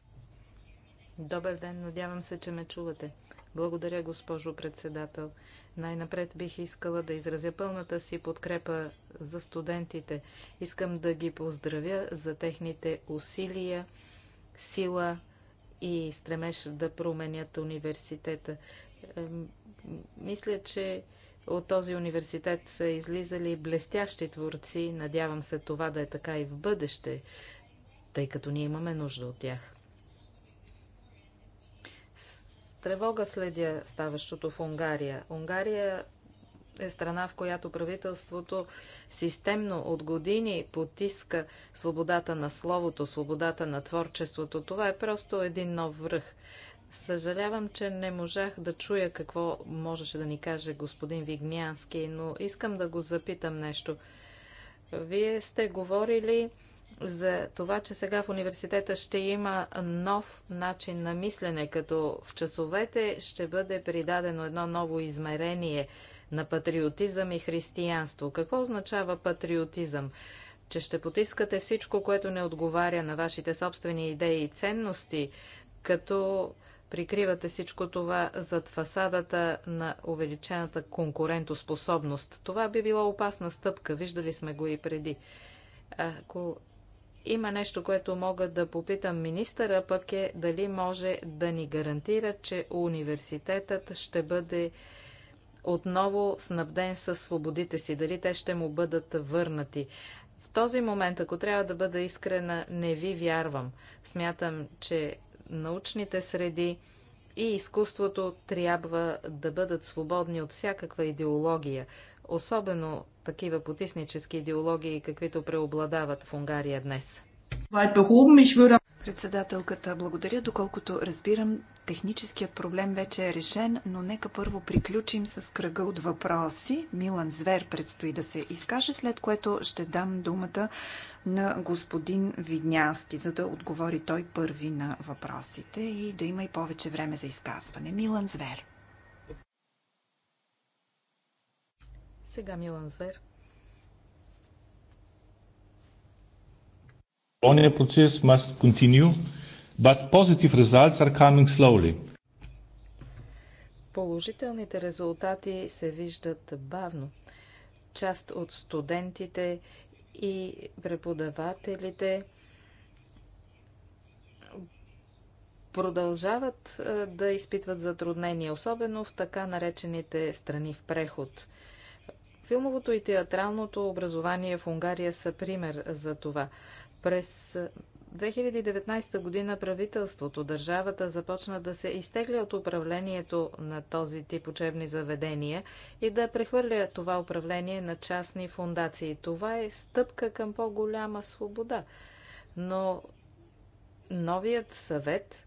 Добър ден, надявам се, че ме чувате. Благодаря, госпожо председател. Най-напред бих искала да изразя пълната си подкрепа за студентите. Искам да ги поздравя за техните усилия, сила и стремеж да променят университета. Мисля, че от този университет са излизали блестящи творци. Надявам се това да е така и в бъдеще, тъй като ние имаме нужда от тях. С тревога следя ставащото в Унгария. Унгария е страна, в която правителството системно от години потиска свободата на словото, свободата на творчеството. Това е просто един нов връх. Съжалявам, че не можах да чуя какво можеше да ни каже господин Вигнянски, но искам да го запитам нещо. Вие сте говорили за това, че сега в университета ще има нов начин на мислене, като в часовете ще бъде придадено едно ново измерение на патриотизъм и християнство. Какво означава патриотизъм? Че ще потискате всичко, което не отговаря на вашите собствени идеи и ценности, като прикривате всичко това зад фасадата на увеличената конкурентоспособност. Това би било опасна стъпка. Виждали сме го и преди. Ако има нещо, което мога да попитам министъра, пък е дали може да ни гарантира, че университетът ще бъде отново снабден със свободите си, дали те ще му бъдат върнати. В този момент, ако трябва да бъда искрена, не ви вярвам. Смятам, че научните среди и изкуството трябва да бъдат свободни от всякаква идеология, особено такива потиснически идеологии, каквито преобладават в Унгария днес. Председателката, благодаря. Доколкото разбирам, Техническият проблем вече е решен, но нека първо приключим с кръга от въпроси. Милан Звер предстои да се изкаже, след което ще дам думата на господин Виднянски, за да отговори той първи на въпросите и да има и повече време за изказване. Милан Звер. Сега Милан Звер. Bologna процес must continue but positive results are coming slowly. Положителните резултати се виждат бавно. Част от студентите и преподавателите продължават е, да изпитват затруднения, особено в така наречените страни в преход. Филмовото и театралното образование в Унгария са пример за това. През 2019 година правителството, държавата започна да се изтегля от управлението на този тип учебни заведения и да прехвърля това управление на частни фундации. Това е стъпка към по-голяма свобода. Но новият съвет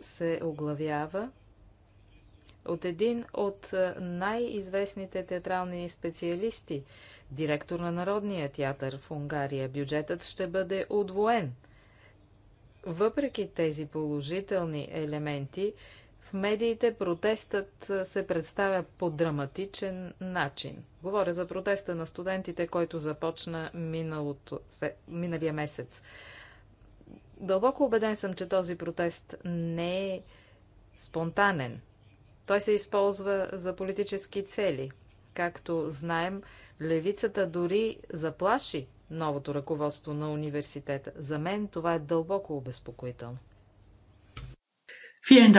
се оглавява от един от най-известните театрални специалисти, директор на Народния театър в Унгария. Бюджетът ще бъде удвоен – въпреки тези положителни елементи, в медиите протестът се представя по драматичен начин. Говоря за протеста на студентите, който започна миналото, миналия месец. Дълбоко убеден съм, че този протест не е спонтанен. Той се използва за политически цели. Както знаем, левицата дори заплаши новото ръководство на университета. За мен това е дълбоко обезпокоително. Е,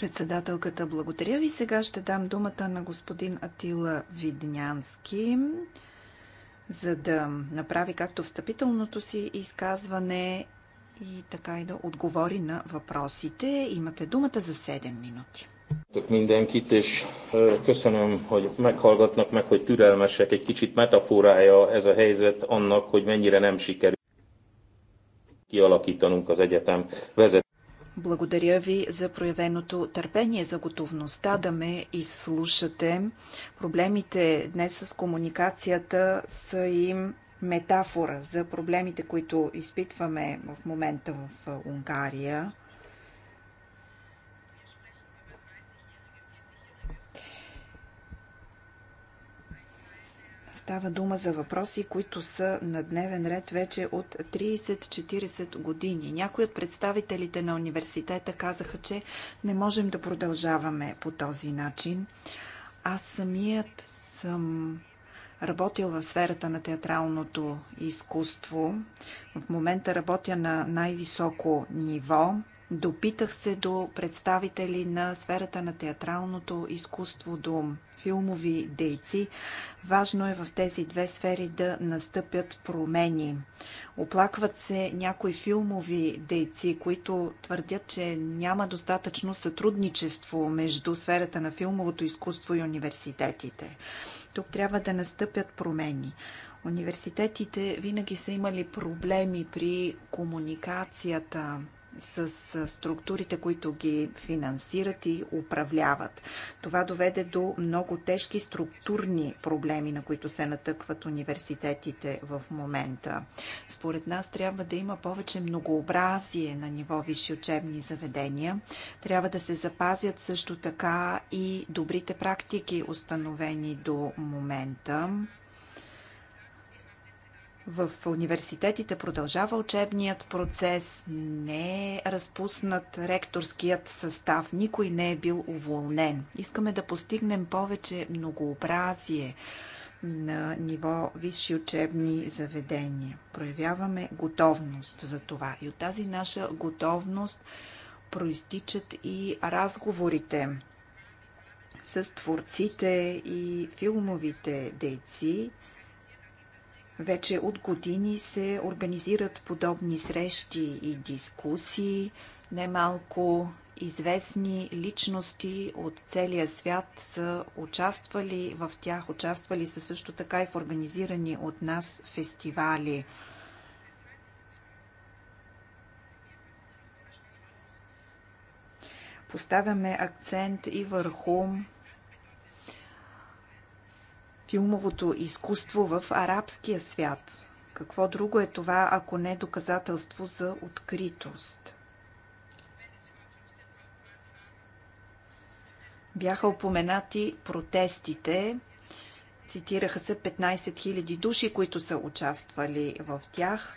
Председателката, благодаря ви. Сега ще дам думата на господин Атила Виднянски, за да направи както встъпителното си изказване и така и да отговори на въпросите. Имате думата за 7 минути. Tök mindenkit, és köszönöm, hogy meghallgatnak meg, hogy türelmesek. Egy kicsit metaforája ez a helyzet annak, hogy mennyire nem sikerül kialakítanunk az egyetem vezető. Благодаря ви за проявеното търпение, за готовността да ме изслушате. Проблемите днес с комуникацията са им метафора за проблемите, които изпитваме в момента в Унгария. Става дума за въпроси, които са на дневен ред вече от 30-40 години. Някои от представителите на университета казаха, че не можем да продължаваме по този начин. Аз самият съм работил в сферата на театралното изкуство. В момента работя на най-високо ниво. Допитах се до представители на сферата на театралното изкуство, до филмови дейци. Важно е в тези две сфери да настъпят промени. Оплакват се някои филмови дейци, които твърдят, че няма достатъчно сътрудничество между сферата на филмовото изкуство и университетите. Тук трябва да настъпят промени. Университетите винаги са имали проблеми при комуникацията с структурите, които ги финансират и управляват. Това доведе до много тежки структурни проблеми, на които се натъкват университетите в момента. Според нас трябва да има повече многообразие на ниво висши учебни заведения. Трябва да се запазят също така и добрите практики, установени до момента в университетите продължава учебният процес, не е разпуснат ректорският състав, никой не е бил уволнен. Искаме да постигнем повече многообразие на ниво висши учебни заведения. Проявяваме готовност за това. И от тази наша готовност проистичат и разговорите с творците и филмовите дейци, вече от години се организират подобни срещи и дискусии. Немалко известни личности от целия свят са участвали в тях. Участвали са също така и в организирани от нас фестивали. Поставяме акцент и върху филмовото изкуство в арабския свят. Какво друго е това, ако не е доказателство за откритост? Бяха упоменати протестите. Цитираха се 15 000 души, които са участвали в тях.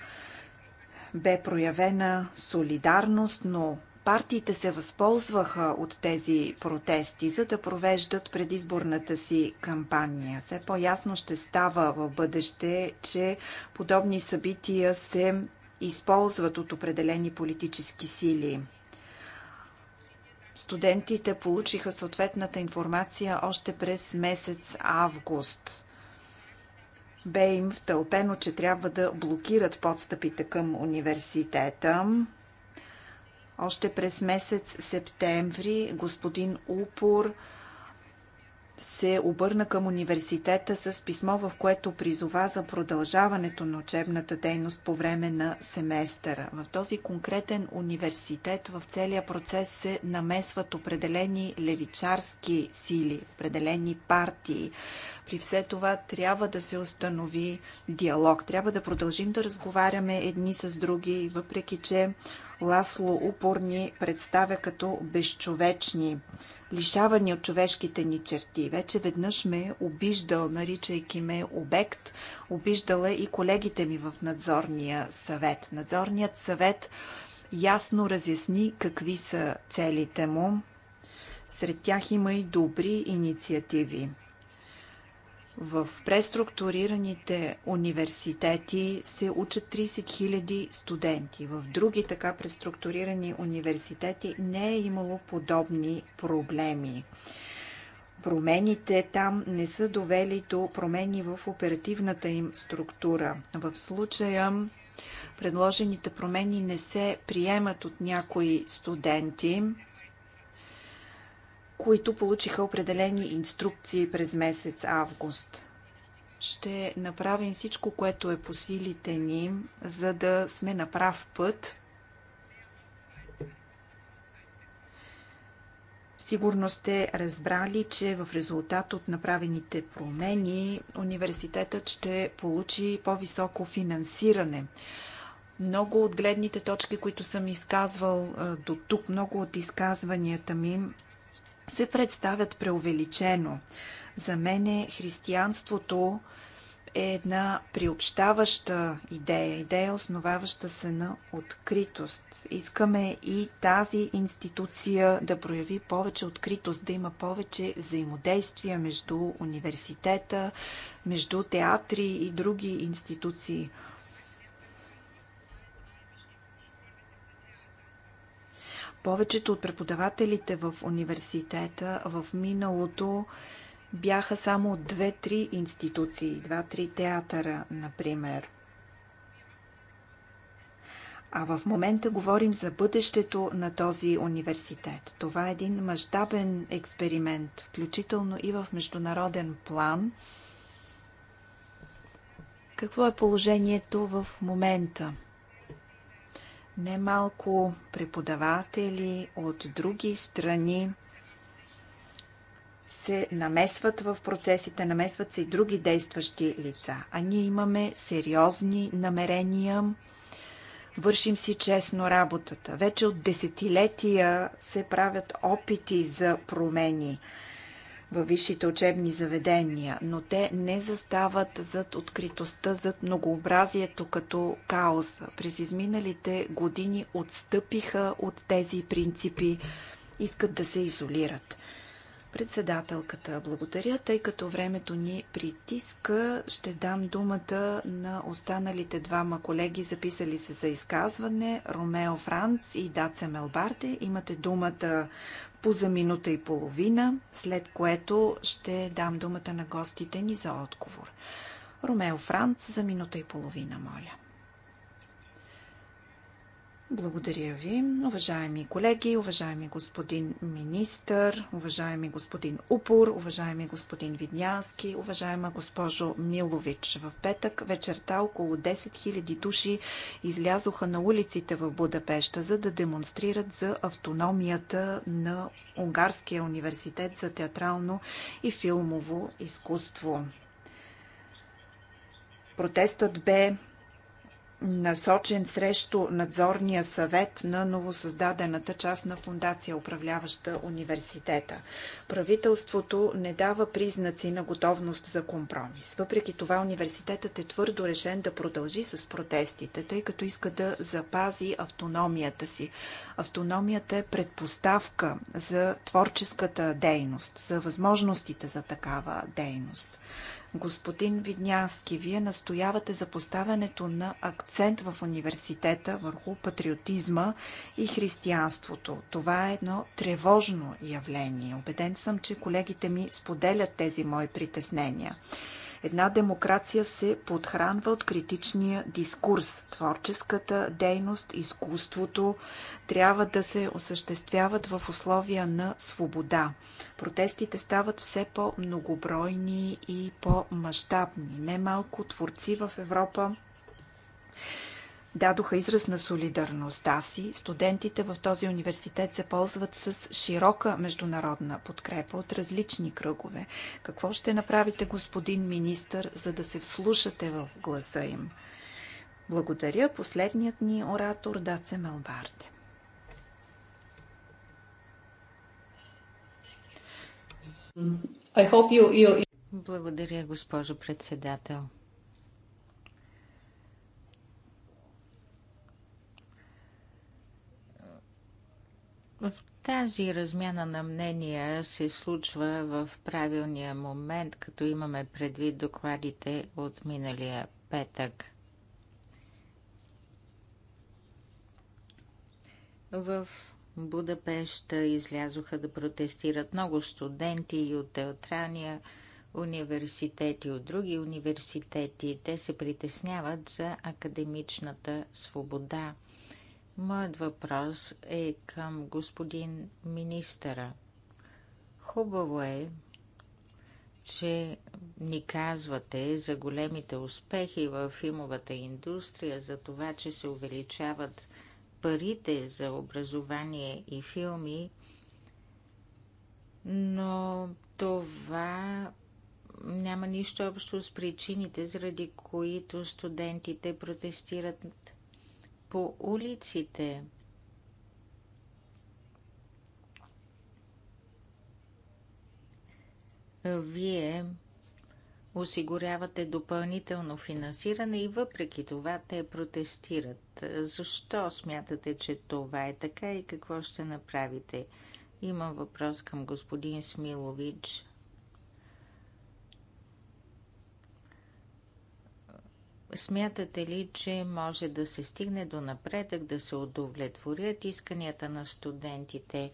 Бе проявена солидарност, но Партиите се възползваха от тези протести, за да провеждат предизборната си кампания. Все по-ясно ще става в бъдеще, че подобни събития се използват от определени политически сили. Студентите получиха съответната информация още през месец август. Бе им втълпено, че трябва да блокират подстъпите към университета. Още през месец септември господин Упор се обърна към университета с писмо, в което призова за продължаването на учебната дейност по време на семестъра. В този конкретен университет в целия процес се намесват определени левичарски сили, определени партии. При все това трябва да се установи диалог. Трябва да продължим да разговаряме едни с други, въпреки че Ласло Упор ни представя като безчовечни, лишавани от човешките ни черти. Вече веднъж ме е обиждал, наричайки ме обект. Обиждала е и колегите ми в надзорния съвет. Надзорният съвет ясно разясни какви са целите му. Сред тях има и добри инициативи. В преструктурираните университети се учат 30 000 студенти. В други така преструктурирани университети не е имало подобни проблеми. Промените там не са довели до промени в оперативната им структура. В случая предложените промени не се приемат от някои студенти, които получиха определени инструкции през месец август. Ще направим всичко, което е по силите ни, за да сме на прав път. Сигурно сте разбрали, че в резултат от направените промени университетът ще получи по-високо финансиране много от гледните точки, които съм изказвал до тук, много от изказванията ми се представят преувеличено. За мен, християнството е една приобщаваща идея, идея основаваща се на откритост. Искаме и тази институция да прояви повече откритост, да има повече взаимодействия между университета, между театри и други институции Повечето от преподавателите в университета в миналото бяха само две-три институции, два-три театъра, например. А в момента говорим за бъдещето на този университет. Това е един мащабен експеримент, включително и в международен план. Какво е положението в момента? Немалко преподаватели от други страни се намесват в процесите, намесват се и други действащи лица. А ние имаме сериозни намерения, вършим си честно работата. Вече от десетилетия се правят опити за промени – във висшите учебни заведения, но те не застават зад откритостта, зад многообразието като каос. През изминалите години отстъпиха от тези принципи, искат да се изолират. Председателката, благодаря, тъй като времето ни притиска, ще дам думата на останалите двама колеги, записали се за изказване, Ромео Франц и Даце Мелбарде. Имате думата по за минута и половина, след което ще дам думата на гостите ни за отговор. Ромео Франц за минута и половина, моля. Благодаря ви. Уважаеми колеги, уважаеми господин министър, уважаеми господин Упор, уважаеми господин Виднянски, уважаема госпожо Милович. В петък вечерта около 10 000 души излязоха на улиците в Будапешта, за да демонстрират за автономията на Унгарския университет за театрално и филмово изкуство. Протестът бе насочен срещу надзорния съвет на новосъздадената частна фундация, управляваща университета. Правителството не дава признаци на готовност за компромис. Въпреки това университетът е твърдо решен да продължи с протестите, тъй като иска да запази автономията си. Автономията е предпоставка за творческата дейност, за възможностите за такава дейност. Господин Виднянски, вие настоявате за поставянето на акцент в университета върху патриотизма и християнството. Това е едно тревожно явление. Обеден съм, че колегите ми споделят тези мои притеснения. Една демокрация се подхранва от критичния дискурс. Творческата дейност, изкуството трябва да се осъществяват в условия на свобода. Протестите стават все по-многобройни и по-масштабни. Немалко творци в Европа дадоха израз на солидарността си. Студентите в този университет се ползват с широка международна подкрепа от различни кръгове. Какво ще направите, господин министр, за да се вслушате в гласа им? Благодаря. Последният ни оратор Даце Мелбарде. You, you... Благодаря, госпожо председател. Тази размяна на мнения се случва в правилния момент, като имаме предвид докладите от миналия петък. В Будапешта излязоха да протестират много студенти и от театралния университет и от други университети. Те се притесняват за академичната свобода. Моят въпрос е към господин министъра. Хубаво е, че ни казвате за големите успехи в филмовата индустрия, за това, че се увеличават парите за образование и филми, но това няма нищо общо с причините, заради които студентите протестират по улиците. Вие осигурявате допълнително финансиране и въпреки това те протестират. Защо смятате, че това е така и какво ще направите? Имам въпрос към господин Смилович. Смятате ли, че може да се стигне до напредък, да се удовлетворят исканията на студентите?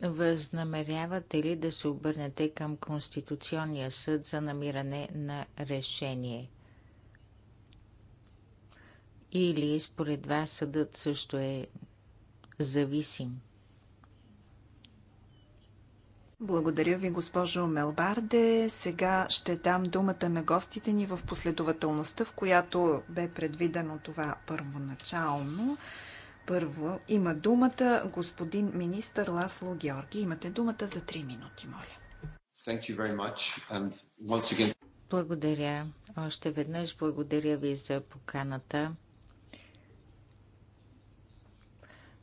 Възнамерявате ли да се обърнете към Конституционния съд за намиране на решение? Или според вас съдът също е зависим? Благодаря ви, госпожо Мелбарде. Сега ще дам думата на гостите ни в последователността, в която бе предвидено това първоначално. Първо има думата господин министър Ласло Георги. Имате думата за 3 минути, моля. Thank you very much. And once again... Благодаря. Още веднъж благодаря ви за поканата.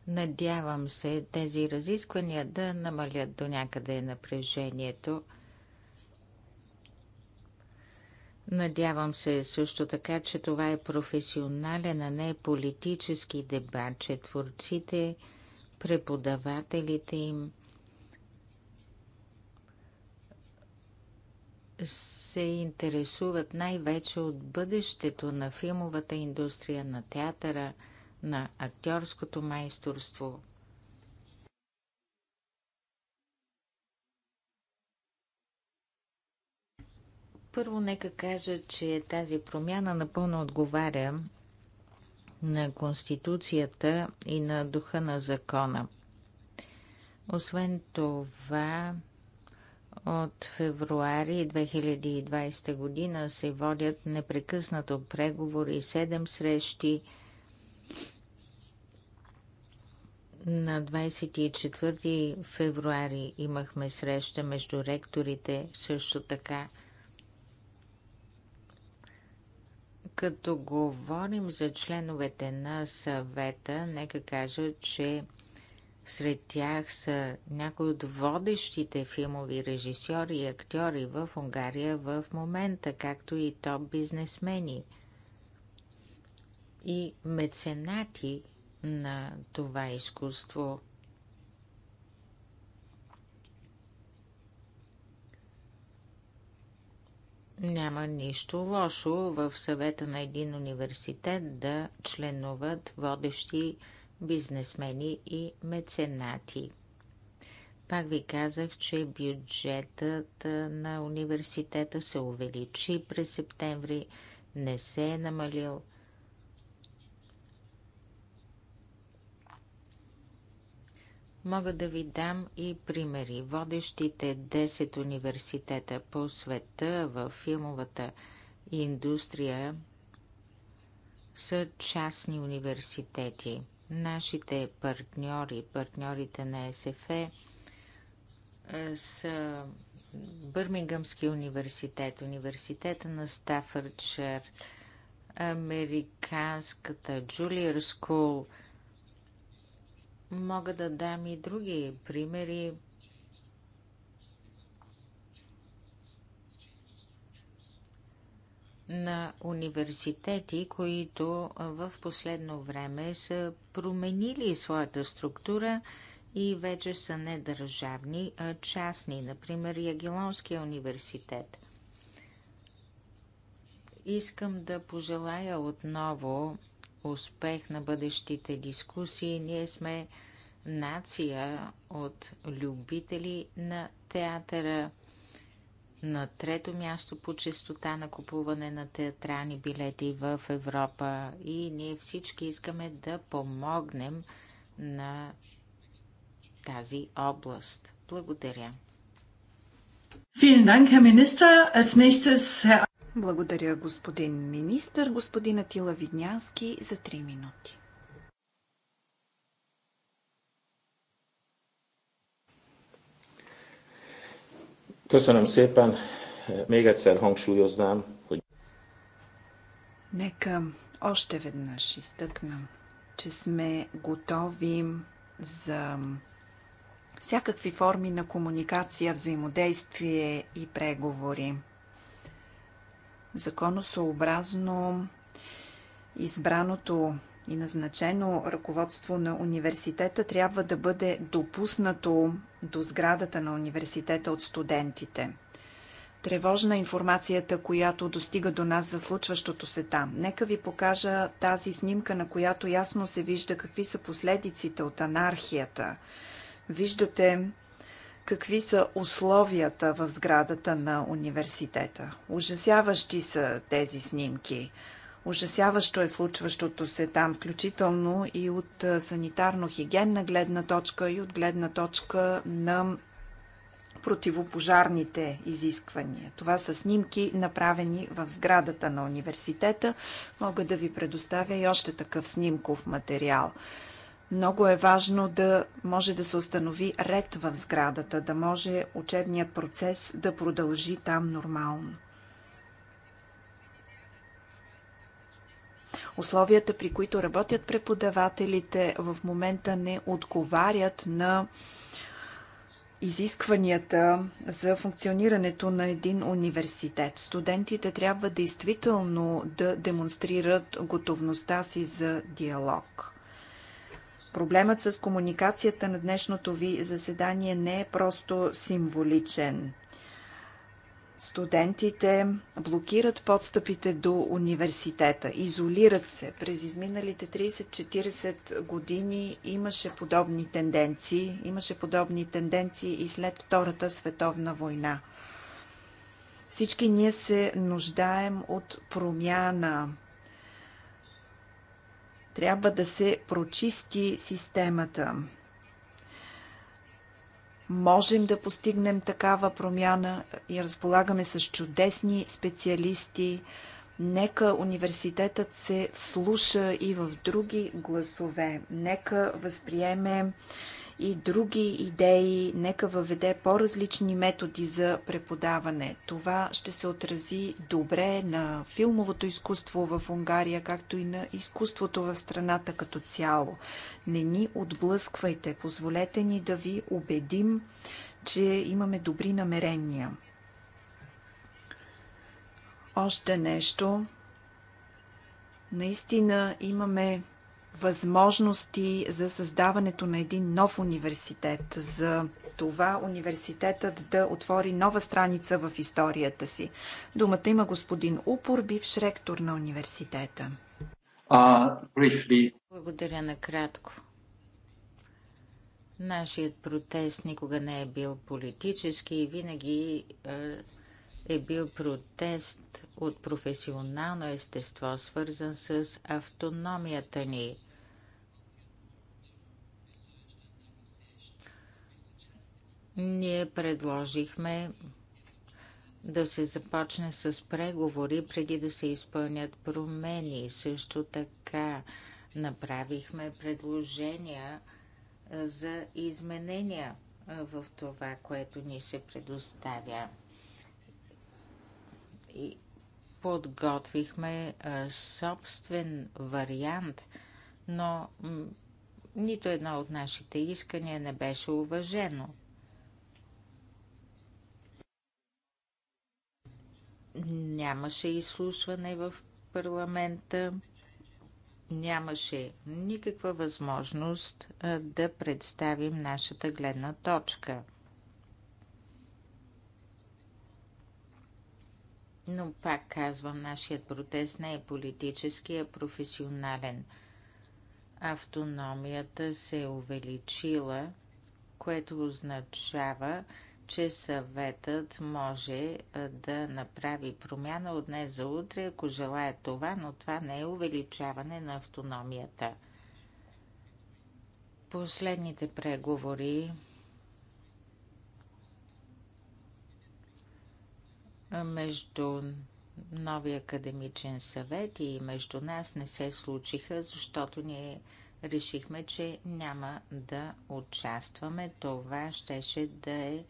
Надявам се тези разисквания да намалят до някъде напрежението. Надявам се също така, че това е професионален, а не политически дебат, че творците, преподавателите им се интересуват най-вече от бъдещето на филмовата индустрия, на театъра – на актьорското майсторство. Първо нека кажа, че тази промяна напълно отговаря на Конституцията и на духа на закона. Освен това, от февруари 2020 година се водят непрекъснато преговори, седем срещи На 24 февруари имахме среща между ректорите също така. Като говорим за членовете на съвета, нека кажа, че сред тях са някои от водещите филмови режисьори и актьори в Унгария в момента, както и топ бизнесмени и меценати на това изкуство. Няма нищо лошо в съвета на един университет да членуват водещи бизнесмени и меценати. Пак ви казах, че бюджетът на университета се увеличи през септември, не се е намалил – Мога да ви дам и примери. Водещите 10 университета по света в филмовата индустрия са частни университети. Нашите партньори, партньорите на СФЕ, са Бърмингъмски университет, университета на Стафърдшир, Американската Джулиер Скул – Мога да дам и други примери. на университети, които в последно време са променили своята структура и вече са не държавни, а частни, например Ягелонския университет. Искам да пожелая отново успех на бъдещите дискусии. Ние сме нация от любители на театъра. На трето място по честота на купуване на театрални билети в Европа. И ние всички искаме да помогнем на тази област. Благодаря. Vielen Dank, Herr Minister. Als nächstes Herr благодаря, господин министр. Господин Атила Виднянски за 3 минути. Köszönöm szépen. Még egyszer hangsúlyoznám, hogy... Нека още веднъж изтъкна, че сме готови за всякакви форми на комуникация, взаимодействие и преговори законосообразно избраното и назначено ръководство на университета трябва да бъде допуснато до сградата на университета от студентите. Тревожна информацията, която достига до нас за случващото се там. Нека ви покажа тази снимка, на която ясно се вижда какви са последиците от анархията. Виждате какви са условията в сградата на университета. Ужасяващи са тези снимки. Ужасяващо е случващото се там, включително и от санитарно-хигиенна гледна точка и от гледна точка на противопожарните изисквания. Това са снимки, направени в сградата на университета. Мога да ви предоставя и още такъв снимков материал. Много е важно да може да се установи ред в сградата, да може учебният процес да продължи там нормално. Условията, при които работят преподавателите, в момента не отговарят на изискванията за функционирането на един университет. Студентите трябва действително да демонстрират готовността си за диалог. Проблемът с комуникацията на днешното ви заседание не е просто символичен. Студентите блокират подстъпите до университета, изолират се. През изминалите 30-40 години имаше подобни тенденции. Имаше подобни тенденции и след Втората световна война. Всички ние се нуждаем от промяна трябва да се прочисти системата. Можем да постигнем такава промяна и разполагаме с чудесни специалисти. Нека университетът се вслуша и в други гласове. Нека възприеме и други идеи, нека въведе по-различни методи за преподаване. Това ще се отрази добре на филмовото изкуство в Унгария, както и на изкуството в страната като цяло. Не ни отблъсквайте, позволете ни да ви убедим, че имаме добри намерения. Още нещо. Наистина имаме възможности за създаването на един нов университет, за това университетът да отвори нова страница в историята си. Думата има господин Упор, бивш ректор на университета. Uh, Благодаря накратко. Нашият протест никога не е бил политически и винаги е, е бил протест от професионално естество, свързан с автономията ни. Ние предложихме да се започне с преговори преди да се изпълнят промени. Също така направихме предложения за изменения в това, което ни се предоставя и подготвихме собствен вариант, но нито едно от нашите искания не беше уважено. Нямаше изслушване в парламента, нямаше никаква възможност да представим нашата гледна точка – Но пак казвам, нашият протест не е политически, а професионален. Автономията се е увеличила, което означава, че съветът може да направи промяна от днес за утре, ако желая това, но това не е увеличаване на автономията. Последните преговори между новия академичен съвет и между нас не се случиха, защото ние решихме, че няма да участваме. Това щеше да е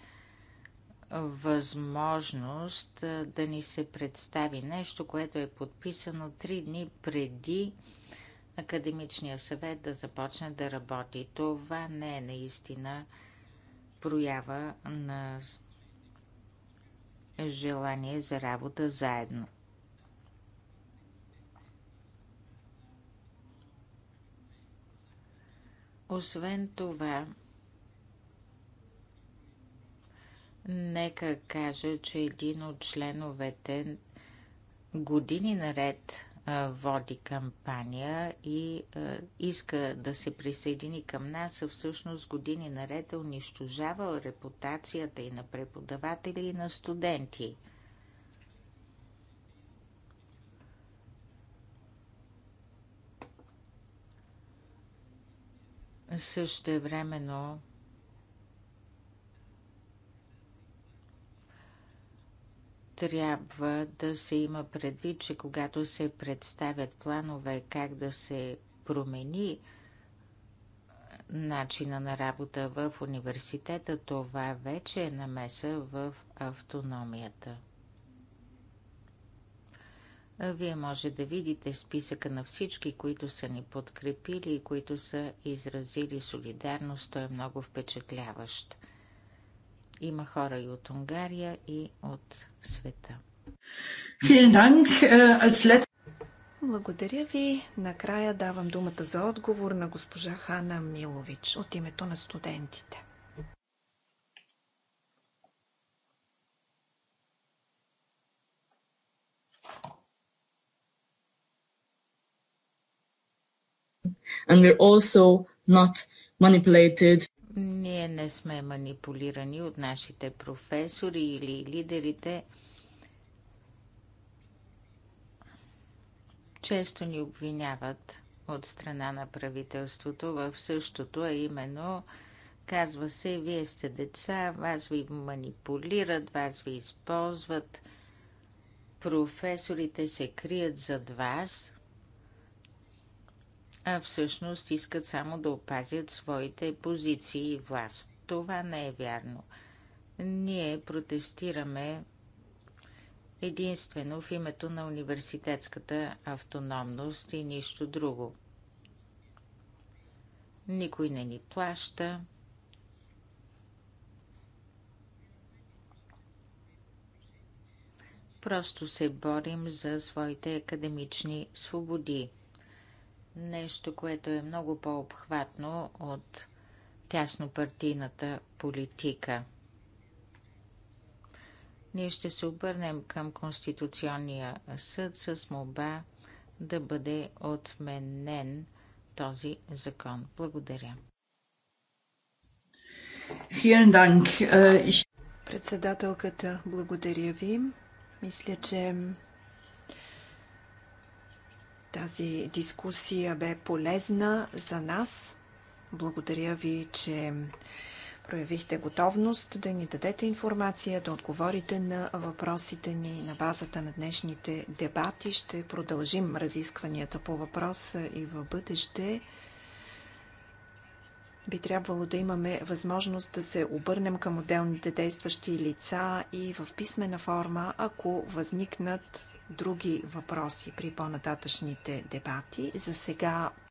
възможност да ни се представи нещо, което е подписано три дни преди Академичния съвет да започне да работи. Това не е наистина проява на желание за работа заедно. Освен това, нека кажа, че един от членовете години наред води кампания и иска да се присъедини към нас, а всъщност години наред е унищожавал репутацията и на преподаватели, и на студенти. Също времено Трябва да се има предвид, че когато се представят планове как да се промени начина на работа в университета, това вече е намеса в автономията. Вие може да видите списъка на всички, които са ни подкрепили и които са изразили солидарност. Той е много впечатляващ. Има хора и от Унгария, и от света. Э, Благодаря ви. Накрая давам думата за отговор на госпожа Хана Милович от името на студентите. and we're also not manipulated. Ние не сме манипулирани от нашите професори или лидерите. Често ни обвиняват от страна на правителството в същото, а именно казва се, вие сте деца, вас ви манипулират, вас ви използват, професорите се крият зад вас а всъщност искат само да опазят своите позиции и власт. Това не е вярно. Ние протестираме единствено в името на университетската автономност и нищо друго. Никой не ни плаща. Просто се борим за своите академични свободи нещо, което е много по-обхватно от тяснопартийната политика. Ние ще се обърнем към Конституционния съд с молба да бъде отменен този закон. Благодаря. Äh, Председателката, благодаря ви. Мисля, че тази дискусия бе полезна за нас. Благодаря ви, че проявихте готовност да ни дадете информация, да отговорите на въпросите ни на базата на днешните дебати. Ще продължим разискванията по въпроса и в бъдеще. Би трябвало да имаме възможност да се обърнем към отделните действащи лица и в писмена форма, ако възникнат други въпроси при по-нататъчните дебати. За сега